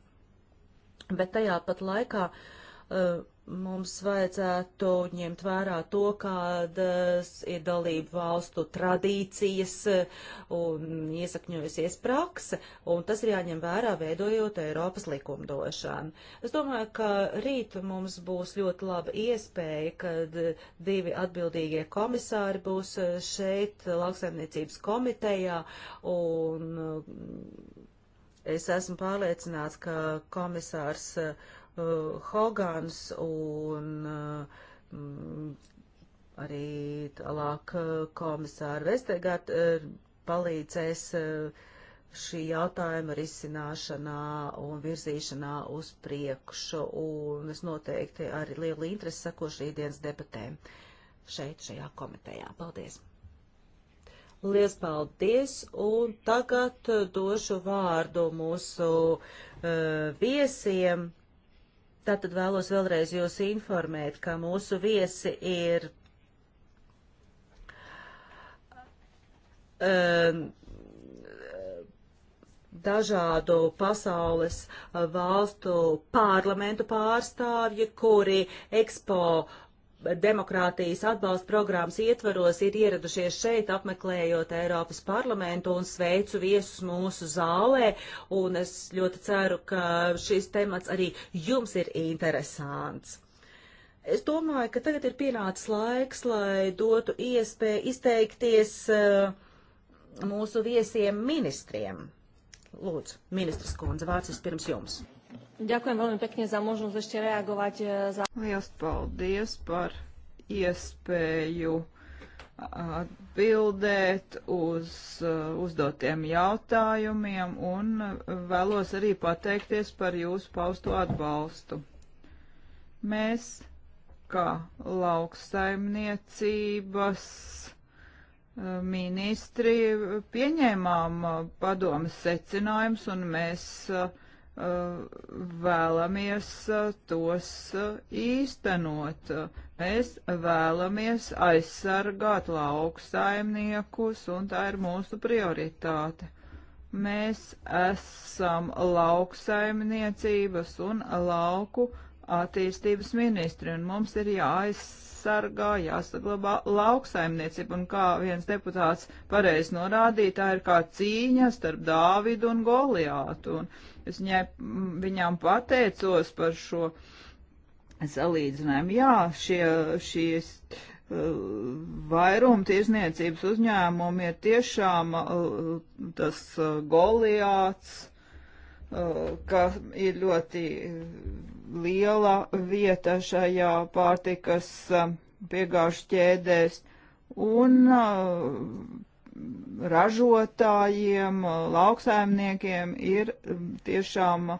Bet tajā pat laikā uh, mums vajadzētu ņemt vērā to, kādas ir dalību valstu tradīcijas un iesakņojusies prakse, un tas ir jāņem vērā veidojot Eiropas likumdošanu. Es domāju, ka rīt mums būs ļoti laba iespēja, kad divi atbildīgie komisāri būs šeit lauksaimniecības komitejā, un es esmu pārliecināts, ka komisārs uh, uh, Hogans un uh, arī tālāk eh, komisāra Vestegāt uh, palīdzēs uh, šī jautājuma risināšanā un virzīšanā uz priekšu, un es noteikti ar lielu interesi sakošu rītdienas debatēm šeit, šajā komitejā. Paldies! Liels paldies, un tagad došu vārdu mūsu uh, viesiem. Tātad vēlos vēlreiz jūs informēt, ka mūsu viesi ir um, dažādu pasaules uh, valstu parlamentu pārstāvji, kuri ekspo uh, demokrātijas atbalsta programmas ietvaros ir ieradušies šeit, apmeklējot Eiropas parlamentu un sveicu viesus mūsu zālē. Un es ļoti ceru, ka šis temats arī jums ir interesants. Es domāju, ka tagad ir pienācis laiks, lai dotu iespēju izteikties eh, mūsu viesiem ministriem. Lūdzu, ministrs kundze, vārds vispirms jums. Ďakujem veľmi pekne za možnosť ešte reagovať. E, za... Lielas paldies par iespēju atbildēt uz e, uzdotiem jautājumiem un vēlos arī pateikties par jūsu pausto atbalstu. Mēs, kā lauksaimniecības e, ministri, pieņēmām padomas secinājumus un mēs uh, Uh, vēlamies uh, tos uh, īstenot. Mēs vēlamies aizsargāt lauksaimniekus, un tā ir mūsu prioritāte. Mēs esam lauksaimniecības un lauku saimniecības attīstības ministri, un mums ir jāaizsargā, jāsaglabā lauksaimniecība, un kā viens deputāts pareizi norādīja, tā ir kā cīņa starp Dāvidu un Goliātu, un es viņai, viņām pateicos par šo salīdzinājumu. Jā, šie, šīs uh, vairum tirzniecības uzņēmumi ir tiešām uh, tas uh, Goliāts, Uh, ka ir ļoti liela vieta šajā pārtikas um, piegāžu ķēdēs un uh, ražotājiem, uh, lauksaimniekiem ir tiešām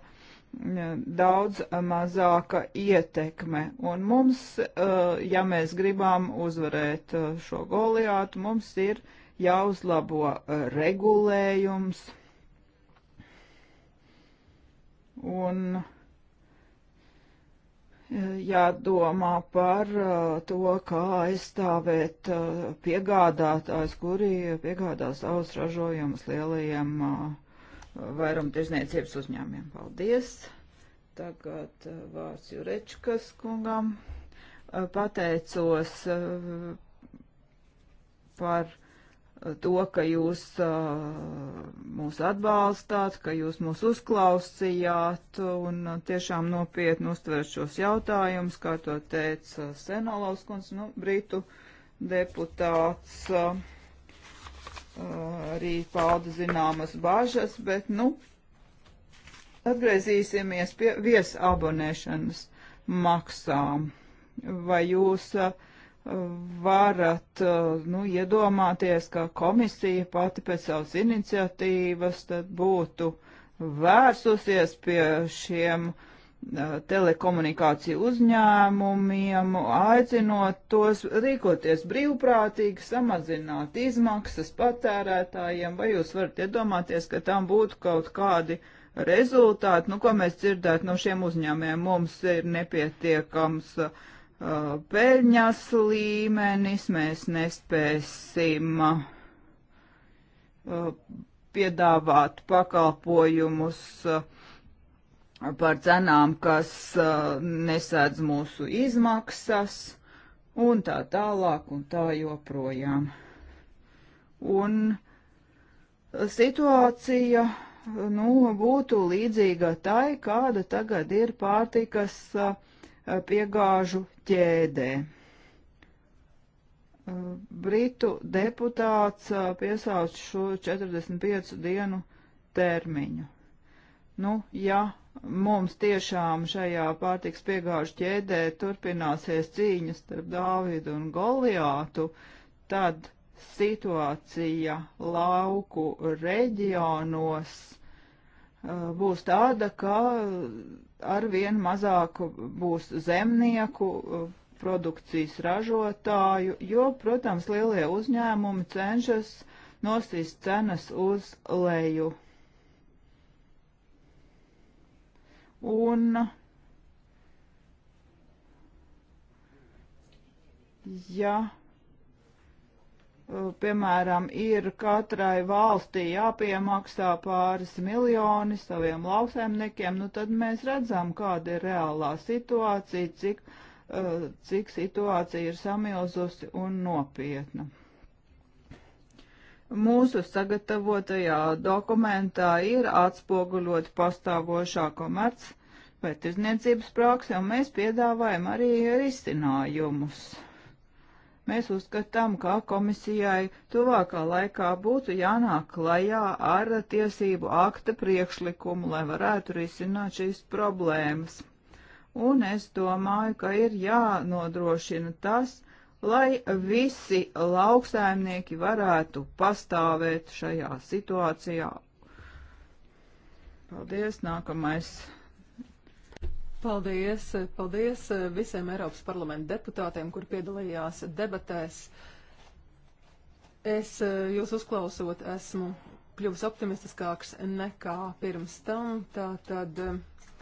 daudz mazāka ietekme. Un mums, ja mēs gribam uzvarēt šo goliātu, mums ir jāuzlabo regulējums, un e, jādomā par e, to, kā aizstāvēt e, piegādātājs, kuri piegādā savus ražojumus lielajiem vairumtirdzniecības uzņēmiem. Paldies! Tagad vārds Jurečkas kungam. Pateicos par to, ka jūs uh, mūs atbalstāt, ka jūs mūs uzklausījāt un uh, tiešām nopietni uztverat šos jautājumus, kā to teica Senolovs kundze, nu, Britu deputāts uh, arī pauda zināmas bažas, bet, nu, atgriezīsimies pie viesabonēšanas maksām. Vai jūs uh, varat eh, nu, iedomāties, ka komisija pati pēc savas iniciatīvas tad būtu vērsusies pie šiem eh, telekomunikāciju uzņēmumiem, aicinot tos rīkoties brīvprātīgi, samazināt izmaksas patērētājiem, vai jūs varat iedomāties, ka tam būtu kaut kādi rezultāti, nu, ko mēs dzirdētu no šiem uzņēmiem, mums ir nepietiekams uh, Uh, peļņas līmenis, mēs nespēsim uh, piedāvāt pakalpojumus uh, par cenām, kas nesēdz mūsu izmaksas un tā tālāk un tā joprojām. Un situācija nu, būtu līdzīga tai, kāda tagad ir pārtikas uh, piegāžu ķēdē. Britu deputāts piesauc šo 45 dienu termiņu. Nu, ja mums tiešām šajā pārtiks piegāžu ķēdē turpināsies cīņas starp Dāvidu un Goliātu, tad situācija lauku reģionos Eh, būs tāda, ka eh, arvien mazāk būs zemnieku, eh, produkcijas ražotāju, jo, protams, lielie uzņēmumi cenšas nosist cenas uz leju. Un ja piemēram, ir katrai valstī jāpiemaksā pāris miljoni saviem lauksaimniekiem, nu tad mēs redzam, kāda ir reālā situācija, cik, eh, cik situācija ir samilzusi un nopietna. Mūsu sagatavotajā dokumentā ir atspoguļot pastāvošā komerc vai tirzniecības praksa, un mēs piedāvājam arī risinājumus. Mēs uzskatām, ka komisijai tuvākā laikā būtu jānāk klajā ar tiesību akta priekšlikumu, lai varētu risināt šīs problēmas. Un es domāju, ka ir jānodrošina tas, lai visi lauksaimnieki varētu pastāvēt šajā situācijā. Paldies, nākamais Paldies! Paldies visiem Eiropas parlamenta deputātiem, kur piedalījās debatēs. Es eh, jūs uzklausot esmu kļuvis optimistiskāks nekā pirms tam. Tātad eh,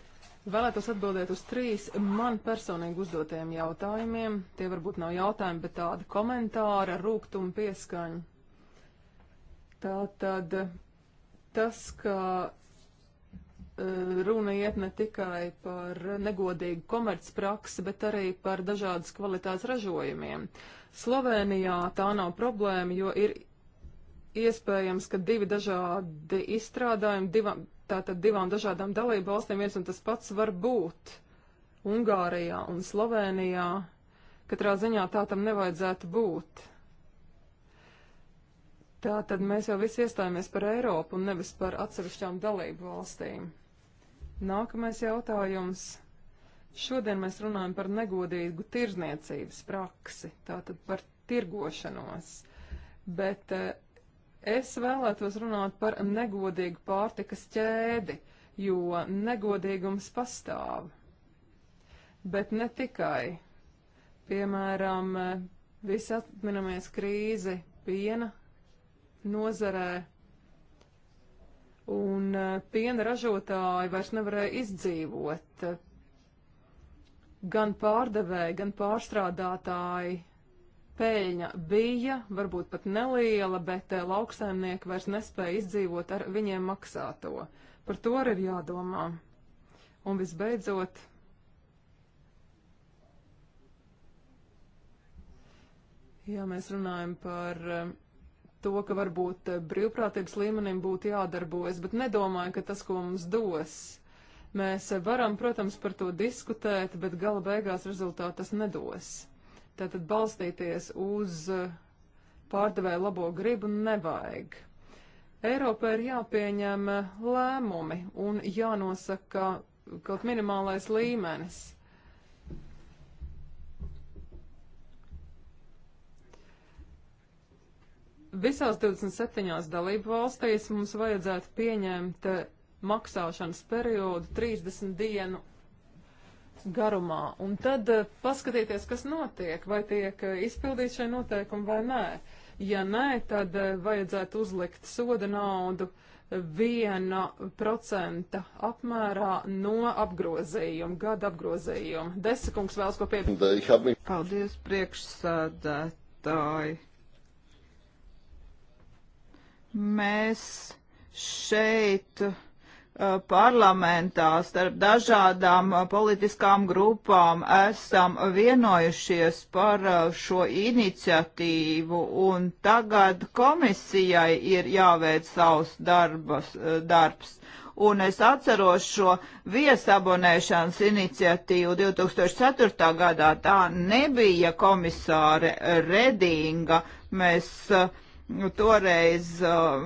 vēlētos atbildēt uz trīs man personīgi uzdotajiem jautājumiem. Tie varbūt nav jautājumi, bet tādi komentāri ar rūgtumu pieskaņu. Tātad tas, ka Eh, runa iet ne tikai par negodīgu komercpraksi, bet arī par dažādas kvalitātes ražojumiem. Slovenijā tā nav problēma, jo ir iespējams, ka divi dažādi izstrādājumi, divam, tātad divām dažādām dalību valstīm viens un tas pats var būt Ungārijā un Slovenijā. Katrā ziņā tā tam nevajadzētu būt. Tātad mēs jau visi iestājāmies par Eiropu un nevis par atsevišķām dalību valstīm. Nākamais jautājums. Šodien mēs runājam par negodīgu tirzniecības praksi, tātad par tirgošanos, bet eh, es vēlētos runāt par negodīgu pārtikas ķēdi, jo negodīgums pastāv. Bet ne tikai. Piemēram, eh, visi atminamies krīzi piena nozarē un eh, piena ražotāji vairs nevarēja izdzīvot. Gan pārdevēji, gan pārstrādātāji peļņa bija, varbūt pat neliela, bet eh, lauksaimnieki vairs nespēja izdzīvot ar viņiem maksāto. Par to arī ir jādomā. Un visbeidzot, ja mēs runājam par eh, to, ka varbūt eh, brīvprātības līmenim būtu jādarbojas, bet nedomāju, ka tas, ko mums dos, mēs eh, varam, protams, par to diskutēt, bet gala beigās rezultātu tas nedos. Tātad balstīties uz eh, pārdevēja labo gribu nevajag. Eiropai ir jāpieņem lēmumi un jānosaka kaut minimālais līmenis. Visās 27 dalību valstīs mums vajadzētu pieņemt eh, maksāšanas periodu 30 dienu garumā. Un tad eh, paskatīties, kas notiek, vai tiek eh, izpildīts šie noteikumi vai nē. Ja nē, tad vajadzētu uzlikt soda naudu viena procenta apmērā no apgrozījuma, gada apgrozījuma. Desikungs vēlas ko piebilst. Paldies priekšsādētāji. Mēs šeit uh, parlamentā starp dažādām uh, politiskām grupām esam vienojušies par uh, šo iniciatīvu, un tagad komisijai ir jāveic savs darbas, darbs. Un es atceros šo viesabonēšanas iniciatīvu 2004. gadā. Tā nebija komisāre Redinga. Mēs uh, Nu, toreiz uh,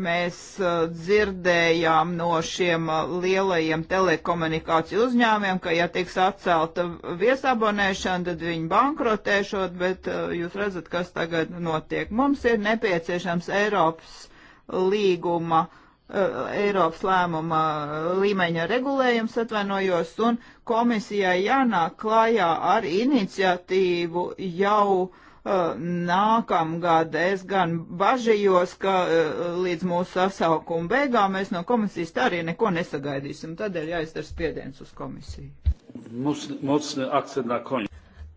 mēs uh, dzirdējām no šiem uh, lielajiem telekomunikāciju uzņēmiem, ka ja tiks atcelta viesabonēšana, tad viņi bankrotēšot, bet jūs redzat, kas tagad notiek. Mums ir nepieciešams Eiropas līguma, Eiropas lēmuma līmeņa regulējums, atvainojos, un komisijai jānāk klājā ar iniciatīvu jau Uh, nākamgad es gan bažījos, ka uh, līdz mūsu sasaukuma beigām mēs no komisijas tā arī neko nesagaidīsim. Tādēļ jāizdara spiediens uz komisiju. Mums, mums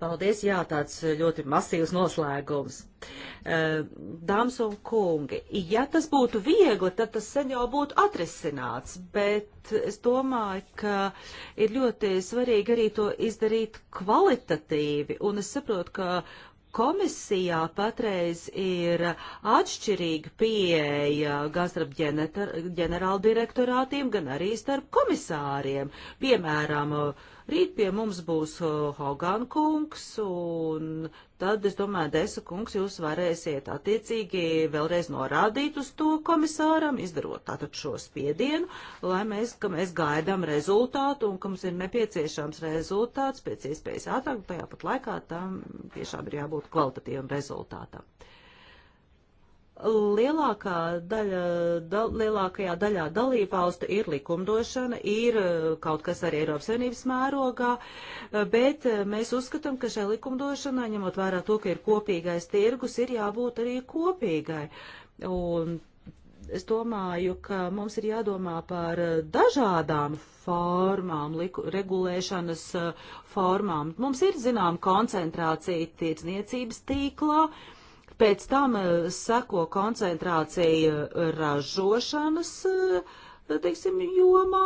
Paldies, jā, tāds uh, ļoti masīvs noslēgums. Dāmas un kungi, ja tas būtu viegli, tad tas sen jau būtu atrisināts, bet es domāju, ka ir ļoti svarīgi arī to izdarīt kvalitatīvi, un es saprotu, ka Komisijā patreiz ir atšķirīga pieeja gan starp ģenerāldirektorātiem, gan arī starp komisāriem. Piemēram, uh, Rīt pie mums būs uh, Hogan kungs, un tad, es domāju, Desa kungs, jūs varēsiet attiecīgi vēlreiz norādīt uz to komisāram, izdarot tātad šo spiedienu, lai mēs, ka mēs gaidām rezultātu un ka mums ir nepieciešams rezultāts pēc iespējas ātrāk, tajā pat laikā tam tiešām ir jābūt kvalitatīvam rezultātam. Lielākā daļa, da, lielākajā daļā dalībvalstu ir likumdošana, ir e, kaut kas arī Eiropas Savienības mērogā, e, bet e, mēs uzskatām, ka šai likumdošanai, ņemot vērā to, ka ir kopīgais tirgus, ir jābūt arī kopīgai. Un es domāju, ka mums ir jādomā par dažādām formām, liku, regulēšanas formām. Mums ir, zinām, koncentrācija tirdzniecības tīklā. Uh, Pēc tam e, seko koncentrācija ražošanas, e, teiksim, jomā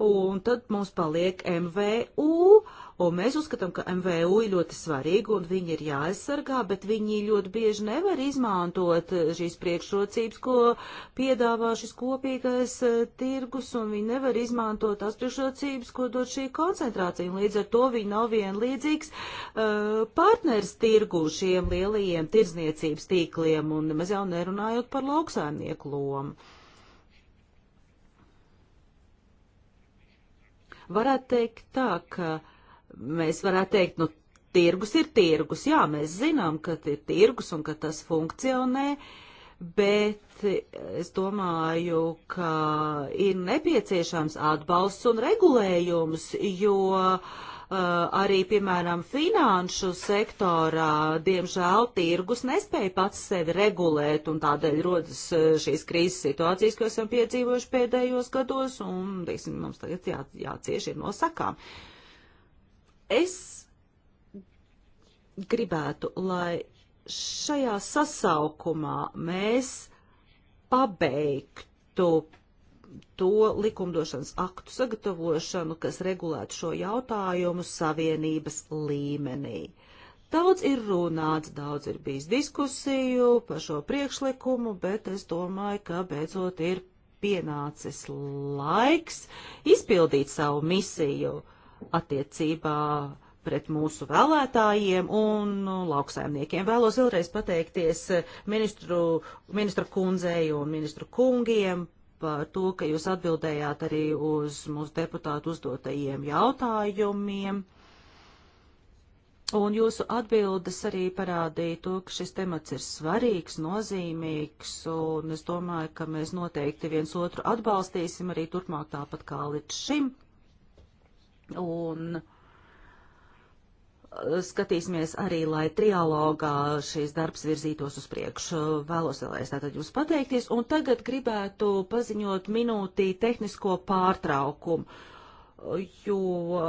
un tad mums paliek MVU, un mēs uzskatām, ka MVU ir ļoti svarīgi, un viņi ir jāaizsargā, bet viņi ļoti bieži nevar izmantot eh, šīs priekšrocības, ko piedāvā šis kopīgais eh, tirgus, un viņi nevar izmantot tās priekšrocības, ko dod šī koncentrācija, un līdz ar to viņi nav vienlīdzīgs uh, partners tirgu šiem lielajiem tirdzniecības tīkliem, un nemaz jau nerunājot par lauksēmnieku lomu. Varētu teikt tā, ka mēs varētu teikt, nu, tirgus ir tirgus. Jā, mēs zinām, ka ir tirgus un ka tas funkcionē, bet es domāju, ka ir nepieciešams atbalsts un regulējums, jo uh, Eh, arī, piemēram, finanšu sektorā, diemžēl, tirgus nespēja pats sevi regulēt, un tādēļ rodas eh, šīs krīzes situācijas, ko esam piedzīvojuši pēdējos gados, un, teiksim, mums tagad jā, jācieš ir no sakām. Es gribētu, lai šajā sasaukumā mēs pabeigtu to likumdošanas aktu sagatavošanu, kas regulētu šo jautājumu savienības līmenī. Daudz ir runāts, daudz ir bijis diskusiju par šo priekšlikumu, bet es domāju, ka beidzot ir pienācis laiks izpildīt savu misiju attiecībā pret mūsu vēlētājiem un lauksaimniekiem. Vēlos vēlreiz pateikties ministru, ministra kundzei un ministru kungiem par to, ka jūs atbildējāt arī uz mūsu deputātu uzdotajiem jautājumiem. Un jūsu atbildes arī parādīja to, ka šis temats ir svarīgs, nozīmīgs, un es domāju, ka mēs noteikti viens otru atbalstīsim arī turpmāk tāpat kā līdz šim. Un uh, skatīsimies arī, lai trialogā šīs darbs virzītos uz priekšu. Vēlos vēlreiz tātad jums pateikties, un tagad gribētu paziņot minūtī tehnisko pārtraukumu jo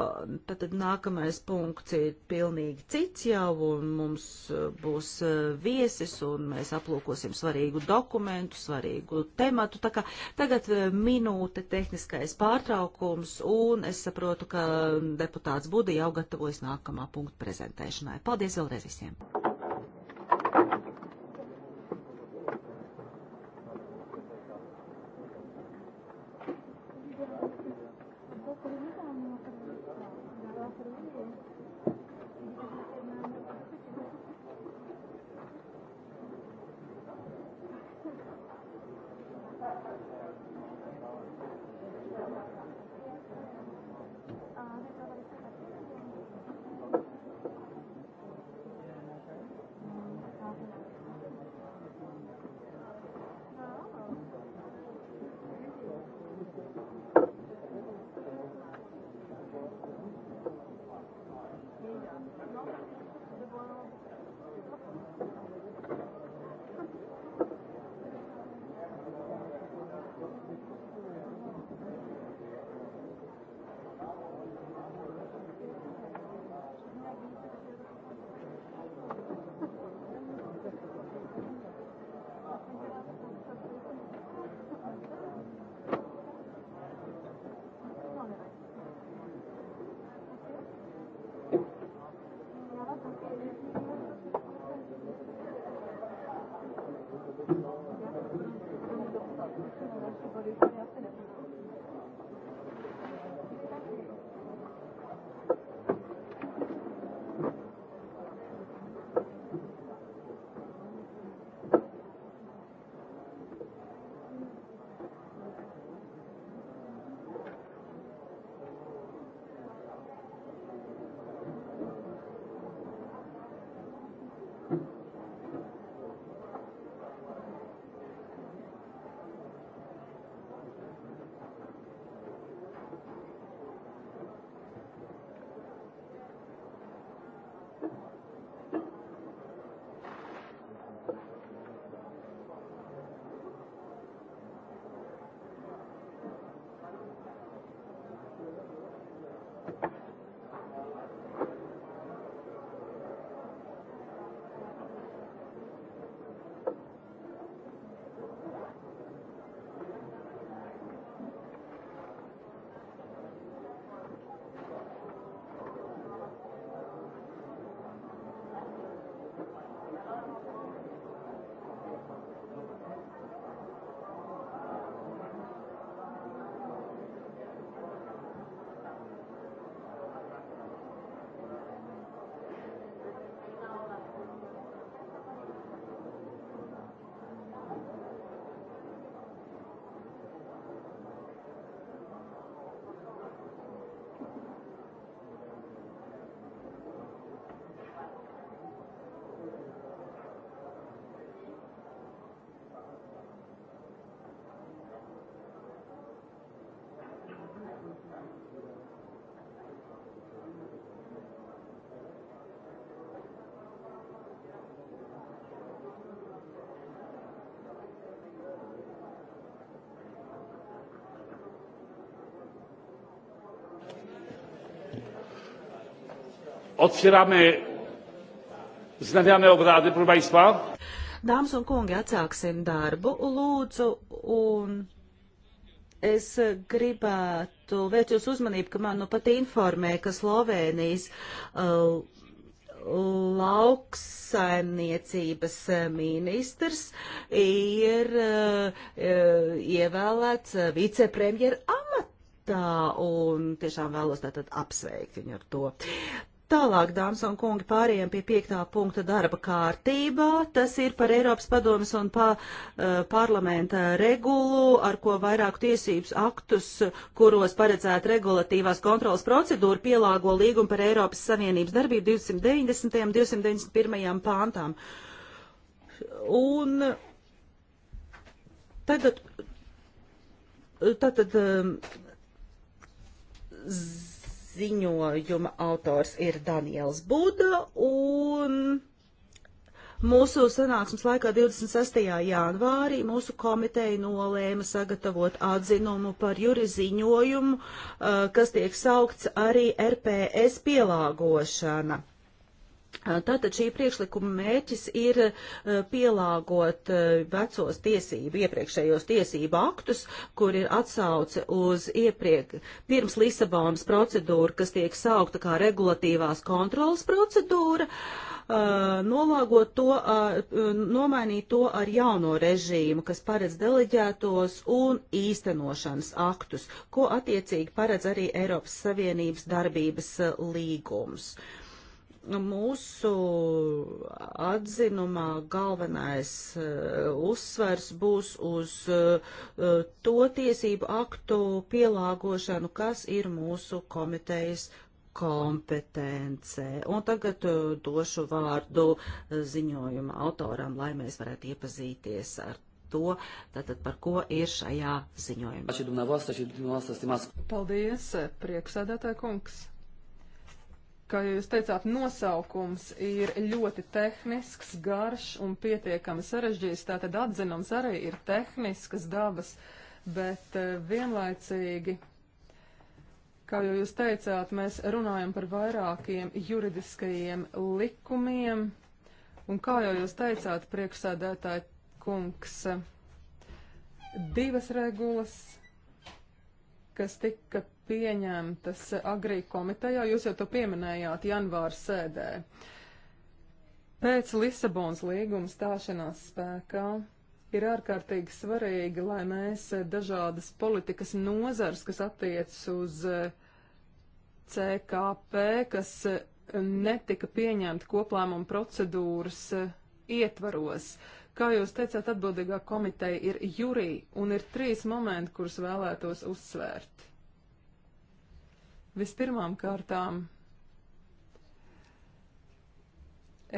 tātad nākamais punkts ir pilnīgi cits jau, un mums eh, būs eh, viesis, un mēs aplūkosim svarīgu dokumentu, svarīgu tematu. Tā kā tagad eh, minūte tehniskais pārtraukums, un es saprotu, ka mm, deputāts Buda jau gatavojas nākamā punktu prezentēšanai. Paldies vēlreiz visiem! Otwieramy znawiane obrady, proszę Państwa. Dāmas un kungi, atsāksim darbu, lūdzu, un es gribētu vērst jūsu uzmanību, ka man nu pat informē, ka Slovēnijas uh, lauksaimniecības ministrs ir uh, uh ievēlēts vicepremjera amatā un tiešām vēlos tātad apsveikt viņu ar to. Tālāk, dāmas un kungi, pārējiem pie piektā punkta darba kārtībā. Tas ir par Eiropas padomas un pa, uh, parlamenta regulu, ar ko vairāku tiesības aktus, kuros paredzēta regulatīvās kontrolas procedūra, pielāgo līgumu par Eiropas Savienības darbību 290. un 291. pāntām. Un tagad, eh, tātad, um, z, ziņojuma autors ir Daniels Buda un mūsu sanāksmes laikā 26. janvārī mūsu komiteja nolēma sagatavot atzinumu par juriziņojumu, uh, kas tiek saukts arī RPS pielāgošana. Tātad šī priekšlikuma mērķis ir pielāgot vecos tiesību, iepriekšējos tiesību aktus, kur ir atsauce uz iepriek, pirms Lisabonas procedūru, kas tiek saukta kā regulatīvās kontrolas procedūra, nolāgot to, nomainīt to ar jauno režīmu, kas paredz deleģētos un īstenošanas aktus, ko attiecīgi paredz arī Eiropas Savienības darbības līgums. Uh, Nu, mūsu atzinumā galvenais eh, uzsvers būs uz eh, to tiesību aktu pielāgošanu, kas ir mūsu komitejas kompetencē. Un tagad eh, došu vārdu ziņojuma autoram, lai mēs varētu iepazīties ar to, tātad par ko ir šajā ziņojumā. Paldies, prieksēdētāja kungs! kā jūs teicāt, nosaukums ir ļoti tehnisks, garš un pietiekami sarežģīts. Tātad atzinums arī ir tehniskas dabas, bet eh, vienlaicīgi, kā jau jūs teicāt, mēs runājam par vairākiem juridiskajiem likumiem. Un kā jau jūs teicāt, priekšsēdētāji kungs, divas regulas, kas tika pieņemtas agrī komitejā, jūs jau to pieminējāt janvāra sēdē. Pēc Lisabonas līguma stāšanās spēkā ir ārkārtīgi svarīgi, lai mēs dažādas politikas nozars, kas attiecas uz eh, CKP, kas eh, netika pieņemta koplēmuma procedūras eh, ietvaros. Kā jūs teicāt, atbildīgā komiteja ir jūrī, un ir trīs momenti, kurus vēlētos uzsvērt. Vispirmām kārtām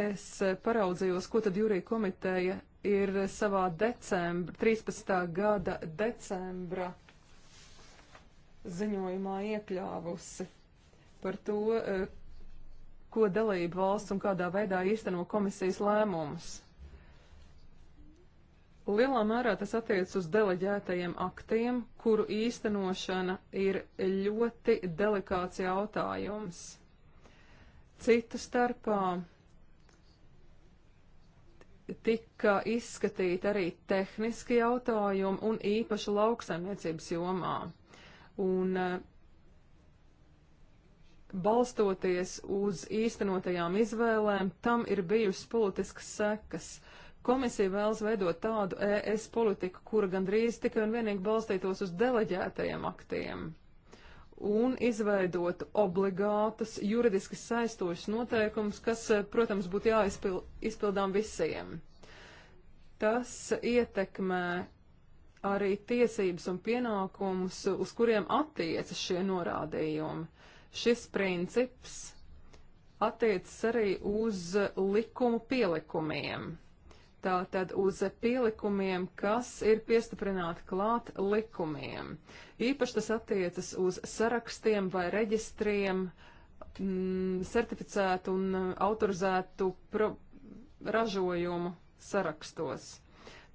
es paraudzījos, ko tad jūrija komiteja ir savā decembra, 13. gada decembra ziņojumā iekļāvusi par to, eh, ko dalību valsts un kādā veidā īsteno komisijas lēmumus. Lielā mērā tas attiecas uz deleģētajiem aktiem, kuru īstenošana ir ļoti delikāts jautājums. Cita starpā tika izskatīti arī tehniski jautājumi un īpaši lauksaimniecības jomā. Un eh, balstoties uz īstenotajām izvēlēm, tam ir bijusi politiskas sekas. Uh, Komisija vēlas veidot tādu ES politiku, kura gandrīz tikai un vienīgi balstītos uz deleģētajiem aktiem un izveidot obligātas juridiski saistošas noteikumus, kas, eh, protams, būtu jāizpildām visiem. Tas ietekmē arī tiesības un pienākumus, uz kuriem attiecas šie norādījumi. Šis princips attiecas arī uz likumu pielikumiem tātad uz pielikumiem, kas ir piestiprināti klāt likumiem. Īpaši tas attiecas uz sarakstiem vai reģistriem m, mm, certificētu un autorizētu pro, ražojumu sarakstos.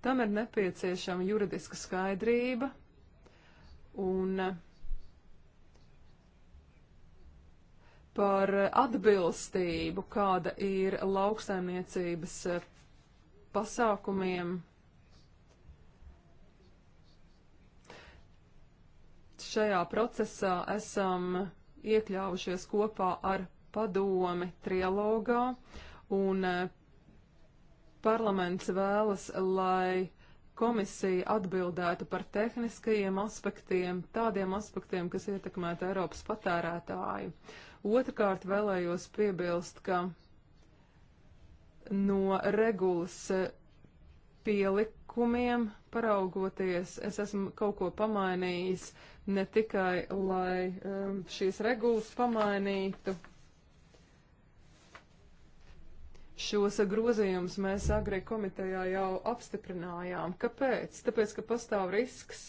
Tam ir nepieciešama juridiska skaidrība un par atbilstību, kāda ir lauksaimniecības pasākumiem. Šajā procesā esam iekļāvušies kopā ar padomi trilogā, un eh, parlaments vēlas, lai komisija atbildētu par tehniskajiem aspektiem, tādiem aspektiem, kas ietekmētu Eiropas patērētāju. Otrakārt vēlējos piebilst, ka no regulas eh, pielikumiem paraugoties, es esmu kaut ko pamainījis ne tikai, lai um, šīs regulas pamainītu. Šos grozījumus mēs agri komitejā jau apstiprinājām. Kāpēc? Tāpēc, ka pastāv risks,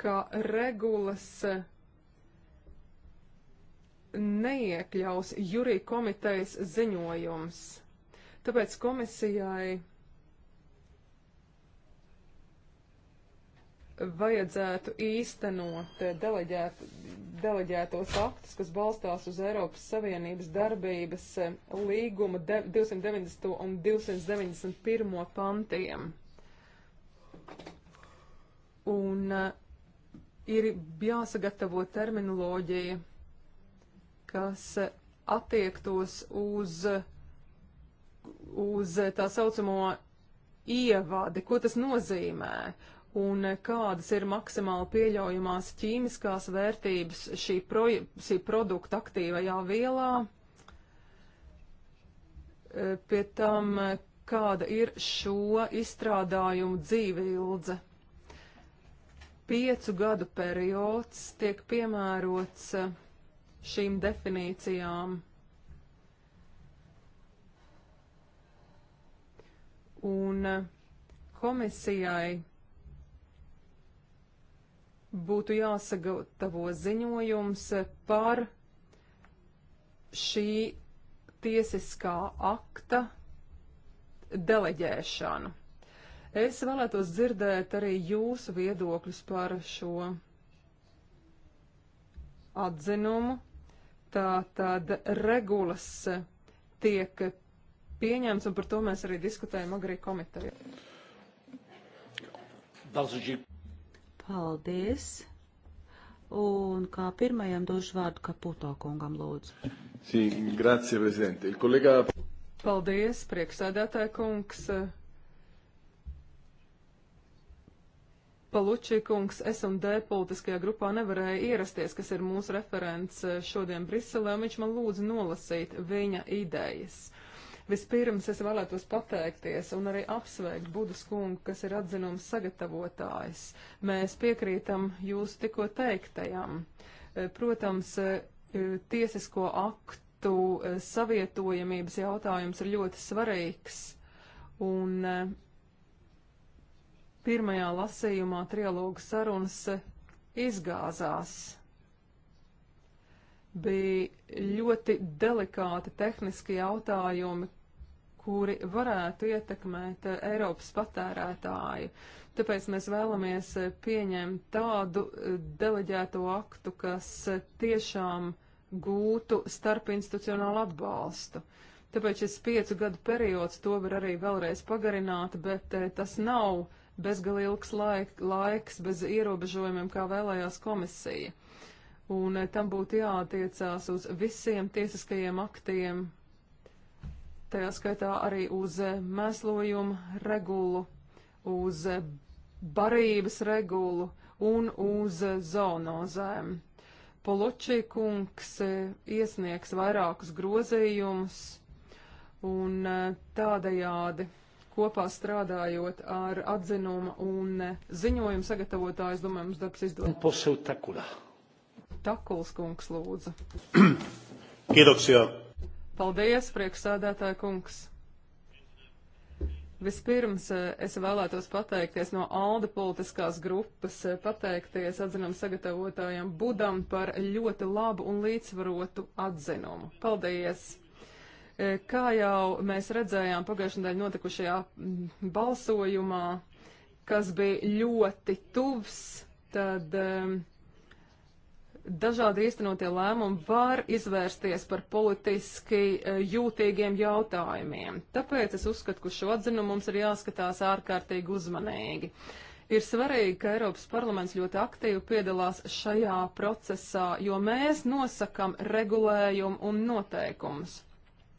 ka regulas eh, neiekļaus jurī komitejas ziņojums. Tāpēc komisijai vajadzētu īstenot eh, deleģēt, deleģētos aktus, kas balstās uz Eiropas Savienības darbības eh, līguma 290. un 291. pantiem. Un eh, ir jāsagatavo terminoloģija kas attiektos uz, uz tā saucamo ievadi, ko tas nozīmē un kādas ir maksimāli pieļaujamās ķīmiskās vērtības šī, pro, šī produkta aktīvajā vielā. E, pie tam, kāda ir šo izstrādājumu dzīve ilga. Piecu gadu periods tiek piemērots uh, šīm definīcijām. Un eh, komisijai būtu jāsagatavo ziņojums par šī tiesiskā akta deleģēšanu. Es vēlētos dzirdēt arī jūsu viedokļus par šo atzinumu. Tā tad regulas tiek pieņemts, un par to mēs arī diskutējam agrī komiteju. Paldies! Un kā pirmajam došu vārdu Kaputo kungam lūdzu. Sī, grazie, prezidente. Kolega... Paldies, prieksēdētāja kungs. Palučīkungs S&D politiskajā grupā nevarēja ierasties, kas ir mūsu referents eh, šodien Briselē, un viņš man lūdza nolasīt viņa idejas. Vispirms es vēlētos pateikties un arī apsveikt Budas kungu, kas ir atzinums sagatavotājs. Mēs piekrītam jūsu tikko teiktajam. Eh, protams, eh, tiesisko aktu savietojamības jautājums ir ļoti svarīgs. Un Pirmajā lasījumā trialogu sarunas eh, izgāzās. Bija ļoti delikāti tehniski jautājumi, kuri varētu ietekmēt eh, Eiropas patērētāju. Tāpēc mēs vēlamies eh, pieņemt tādu deleģēto aktu, kas tiešām gūtu starpinstitucionālu atbalstu. Tāpēc šis piecu gadu periods to var arī vēlreiz pagarināt, bet tas nav bezgalīgs laik, laiks, bez ierobežojumiem, kā vēlējās komisija. Un eh, tam būtu jātiecās uz visiem tiesiskajiem aktiem, tajā skaitā arī uz eh, mēslojumu regulu, uz eh, barības regulu un uz zonozēm. Poločī kungs iesniegs vairākus grozījumus un tādajādi kopā strādājot ar atzinumu un ziņojumu sagatavotāju. Es domāju, mums darbs izdodas. Poseu Takula. Takuls kungs lūdzu. Kiitoksia. Paldies, prieksādātāja kungs. Vispirms eh, es vēlētos pateikties no ALDE politiskās grupas, eh, pateikties atzinam sagatavotājiem Budam par ļoti labu un līdzsvarotu atzinumu. Paldies! E, kā jau mēs redzējām pagājušajā nedēļā notikušajā mm, balsojumā, kas bija ļoti tuvs, tad dažādi īstenotie lēmumi var izvērsties par politiski e, jūtīgiem jautājumiem. Tāpēc es uzskatu, ka šo atzinumu mums ir jāskatās ārkārtīgi uzmanīgi. Ir svarīgi, ka Eiropas parlaments ļoti aktīvi piedalās šajā procesā, jo mēs nosakam regulējumu un noteikumus.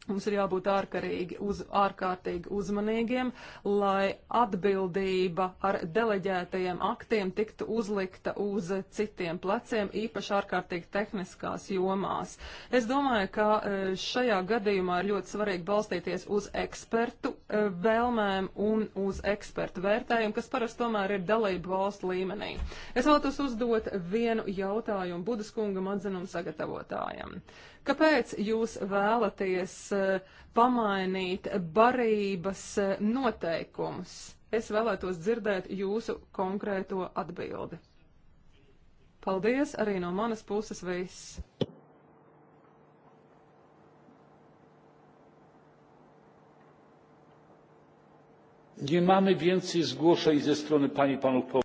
Mums ir jābūt ārkārīgi, uz, ārkārtīgi uzmanīgiem, lai atbildība ar deleģētajiem aktiem tiktu uzlikta uz citiem pleciem, īpaši ārkārtīgi tehniskās jomās. Es domāju, ka e, šajā gadījumā ir ļoti svarīgi balstīties uz ekspertu e, vēlmēm un uz ekspertu vērtējumu, kas parasti tomēr ir dalību valstu līmenī. Es vēlētos uzdot vienu jautājumu Budas kungam atzinumu sagatavotājam. Kāpēc jūs vēlaties e, Eh, pamainīt barības eh, noteikumus? Es vēlētos dzirdēt jūsu konkrēto atbildi. Paldies arī no manas puses viss. Nie mamy więcej zgłoszeń ze strony pani i panów posłów.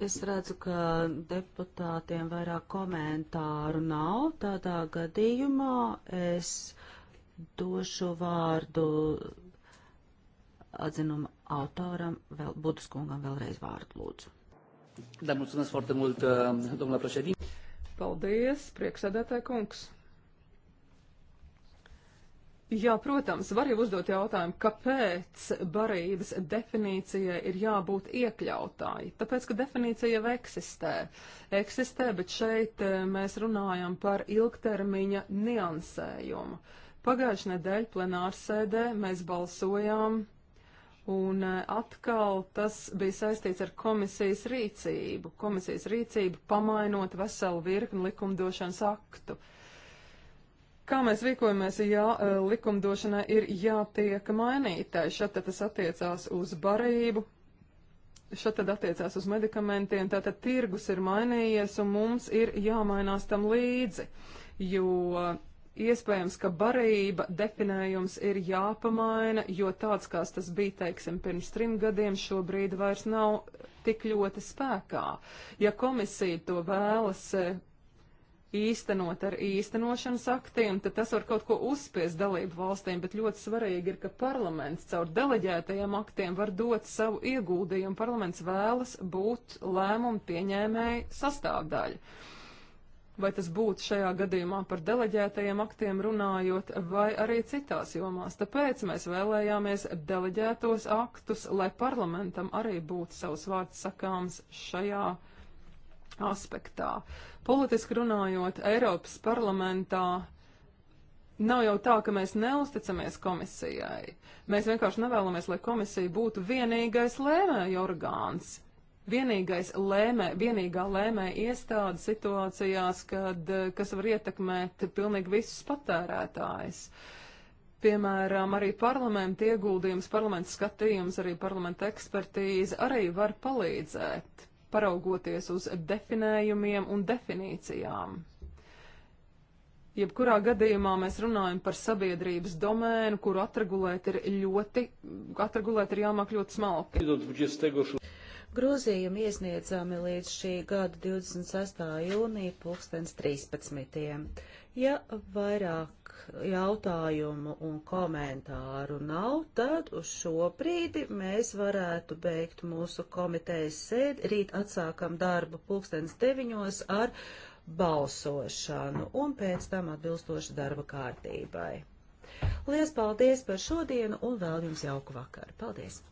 Es redzu, ka deputātiem vairāk komentāru nav. Tādā gadījumā es Došu vārdu atzinuma autoram, vēl, Budas kungam vēlreiz vārdu lūdzu. Da, mulțumesc foarte mult, domnule președinte. Paldies, prieksēdētāji kungs. Jā, protams, var jau uzdot jautājumu, kāpēc barības definīcijai ir jābūt iekļautāji. Tāpēc, ka definīcija jau eksistē. Eksistē, bet šeit eh, mēs runājam par ilgtermiņa niansējumu. Uh, Pagājušajā nedēļā plenārsēdē mēs balsojām, un eh, atkal tas bija saistīts ar komisijas rīcību. Komisijas rīcību pamainot veselu virkni likumdošanas aktu. Kā mēs rīkojamies, ja eh, likumdošanai ir jātiek mainītai? Šeit tas attiecās uz barību, šeit tad attiecās uz medikamentiem, tātad tirgus ir mainījies un mums ir jāmainās tam līdzi, jo Iespējams, ka barība definējums ir jāpamaina, jo tāds, kāds tas bija, teiksim, pirms trim gadiem, šobrīd vairs nav tik ļoti spēkā. Ja komisija to vēlas e, īstenot ar īstenošanas aktiem, tad tas var kaut ko uzspies dalību valstīm, bet ļoti svarīgi ir, ka parlaments caur deleģētajiem aktiem var dot savu ieguldījumu. Parlaments vēlas būt lēmumu pieņēmēju sastāvdaļu vai tas būtu šajā gadījumā par deleģētajiem aktiem runājot, vai arī citās jomās. Tāpēc mēs vēlējāmies deleģētos aktus, lai parlamentam arī būtu savs vārds sakāms šajā aspektā. Politiski runājot, Eiropas parlamentā nav jau tā, ka mēs neusticamies komisijai. Mēs vienkārši nevēlamies, lai komisija būtu vienīgais lēmēja orgāns. Vienīgais lēmē, vienīgā lēmē iestāde situācijās, kad, eh, kas var ietekmēt pilnīgi visus patērētājus. Piemēram, arī parlamenta ieguldījums, parlamenta skatījums, arī parlamenta ekspertīze arī var palīdzēt, paraugoties uz definējumiem un definīcijām. Jebkurā gadījumā mēs runājam par sabiedrības domēnu, kuru atregulēt ir ļoti, atregulēt ir jāmāk ļoti smalki. Grozījumi iesniedzami līdz šī gada 26. jūnija 2013. Ja vairāk jautājumu un komentāru nav, tad uz šo brīdi mēs varētu beigt mūsu komitejas sēdi. Rīt atsākam darbu pulkstens deviņos ar balsošanu un pēc tam atbilstoši darba kārtībai. Lielas paldies par šodienu un vēl jums jauku vakaru. Paldies!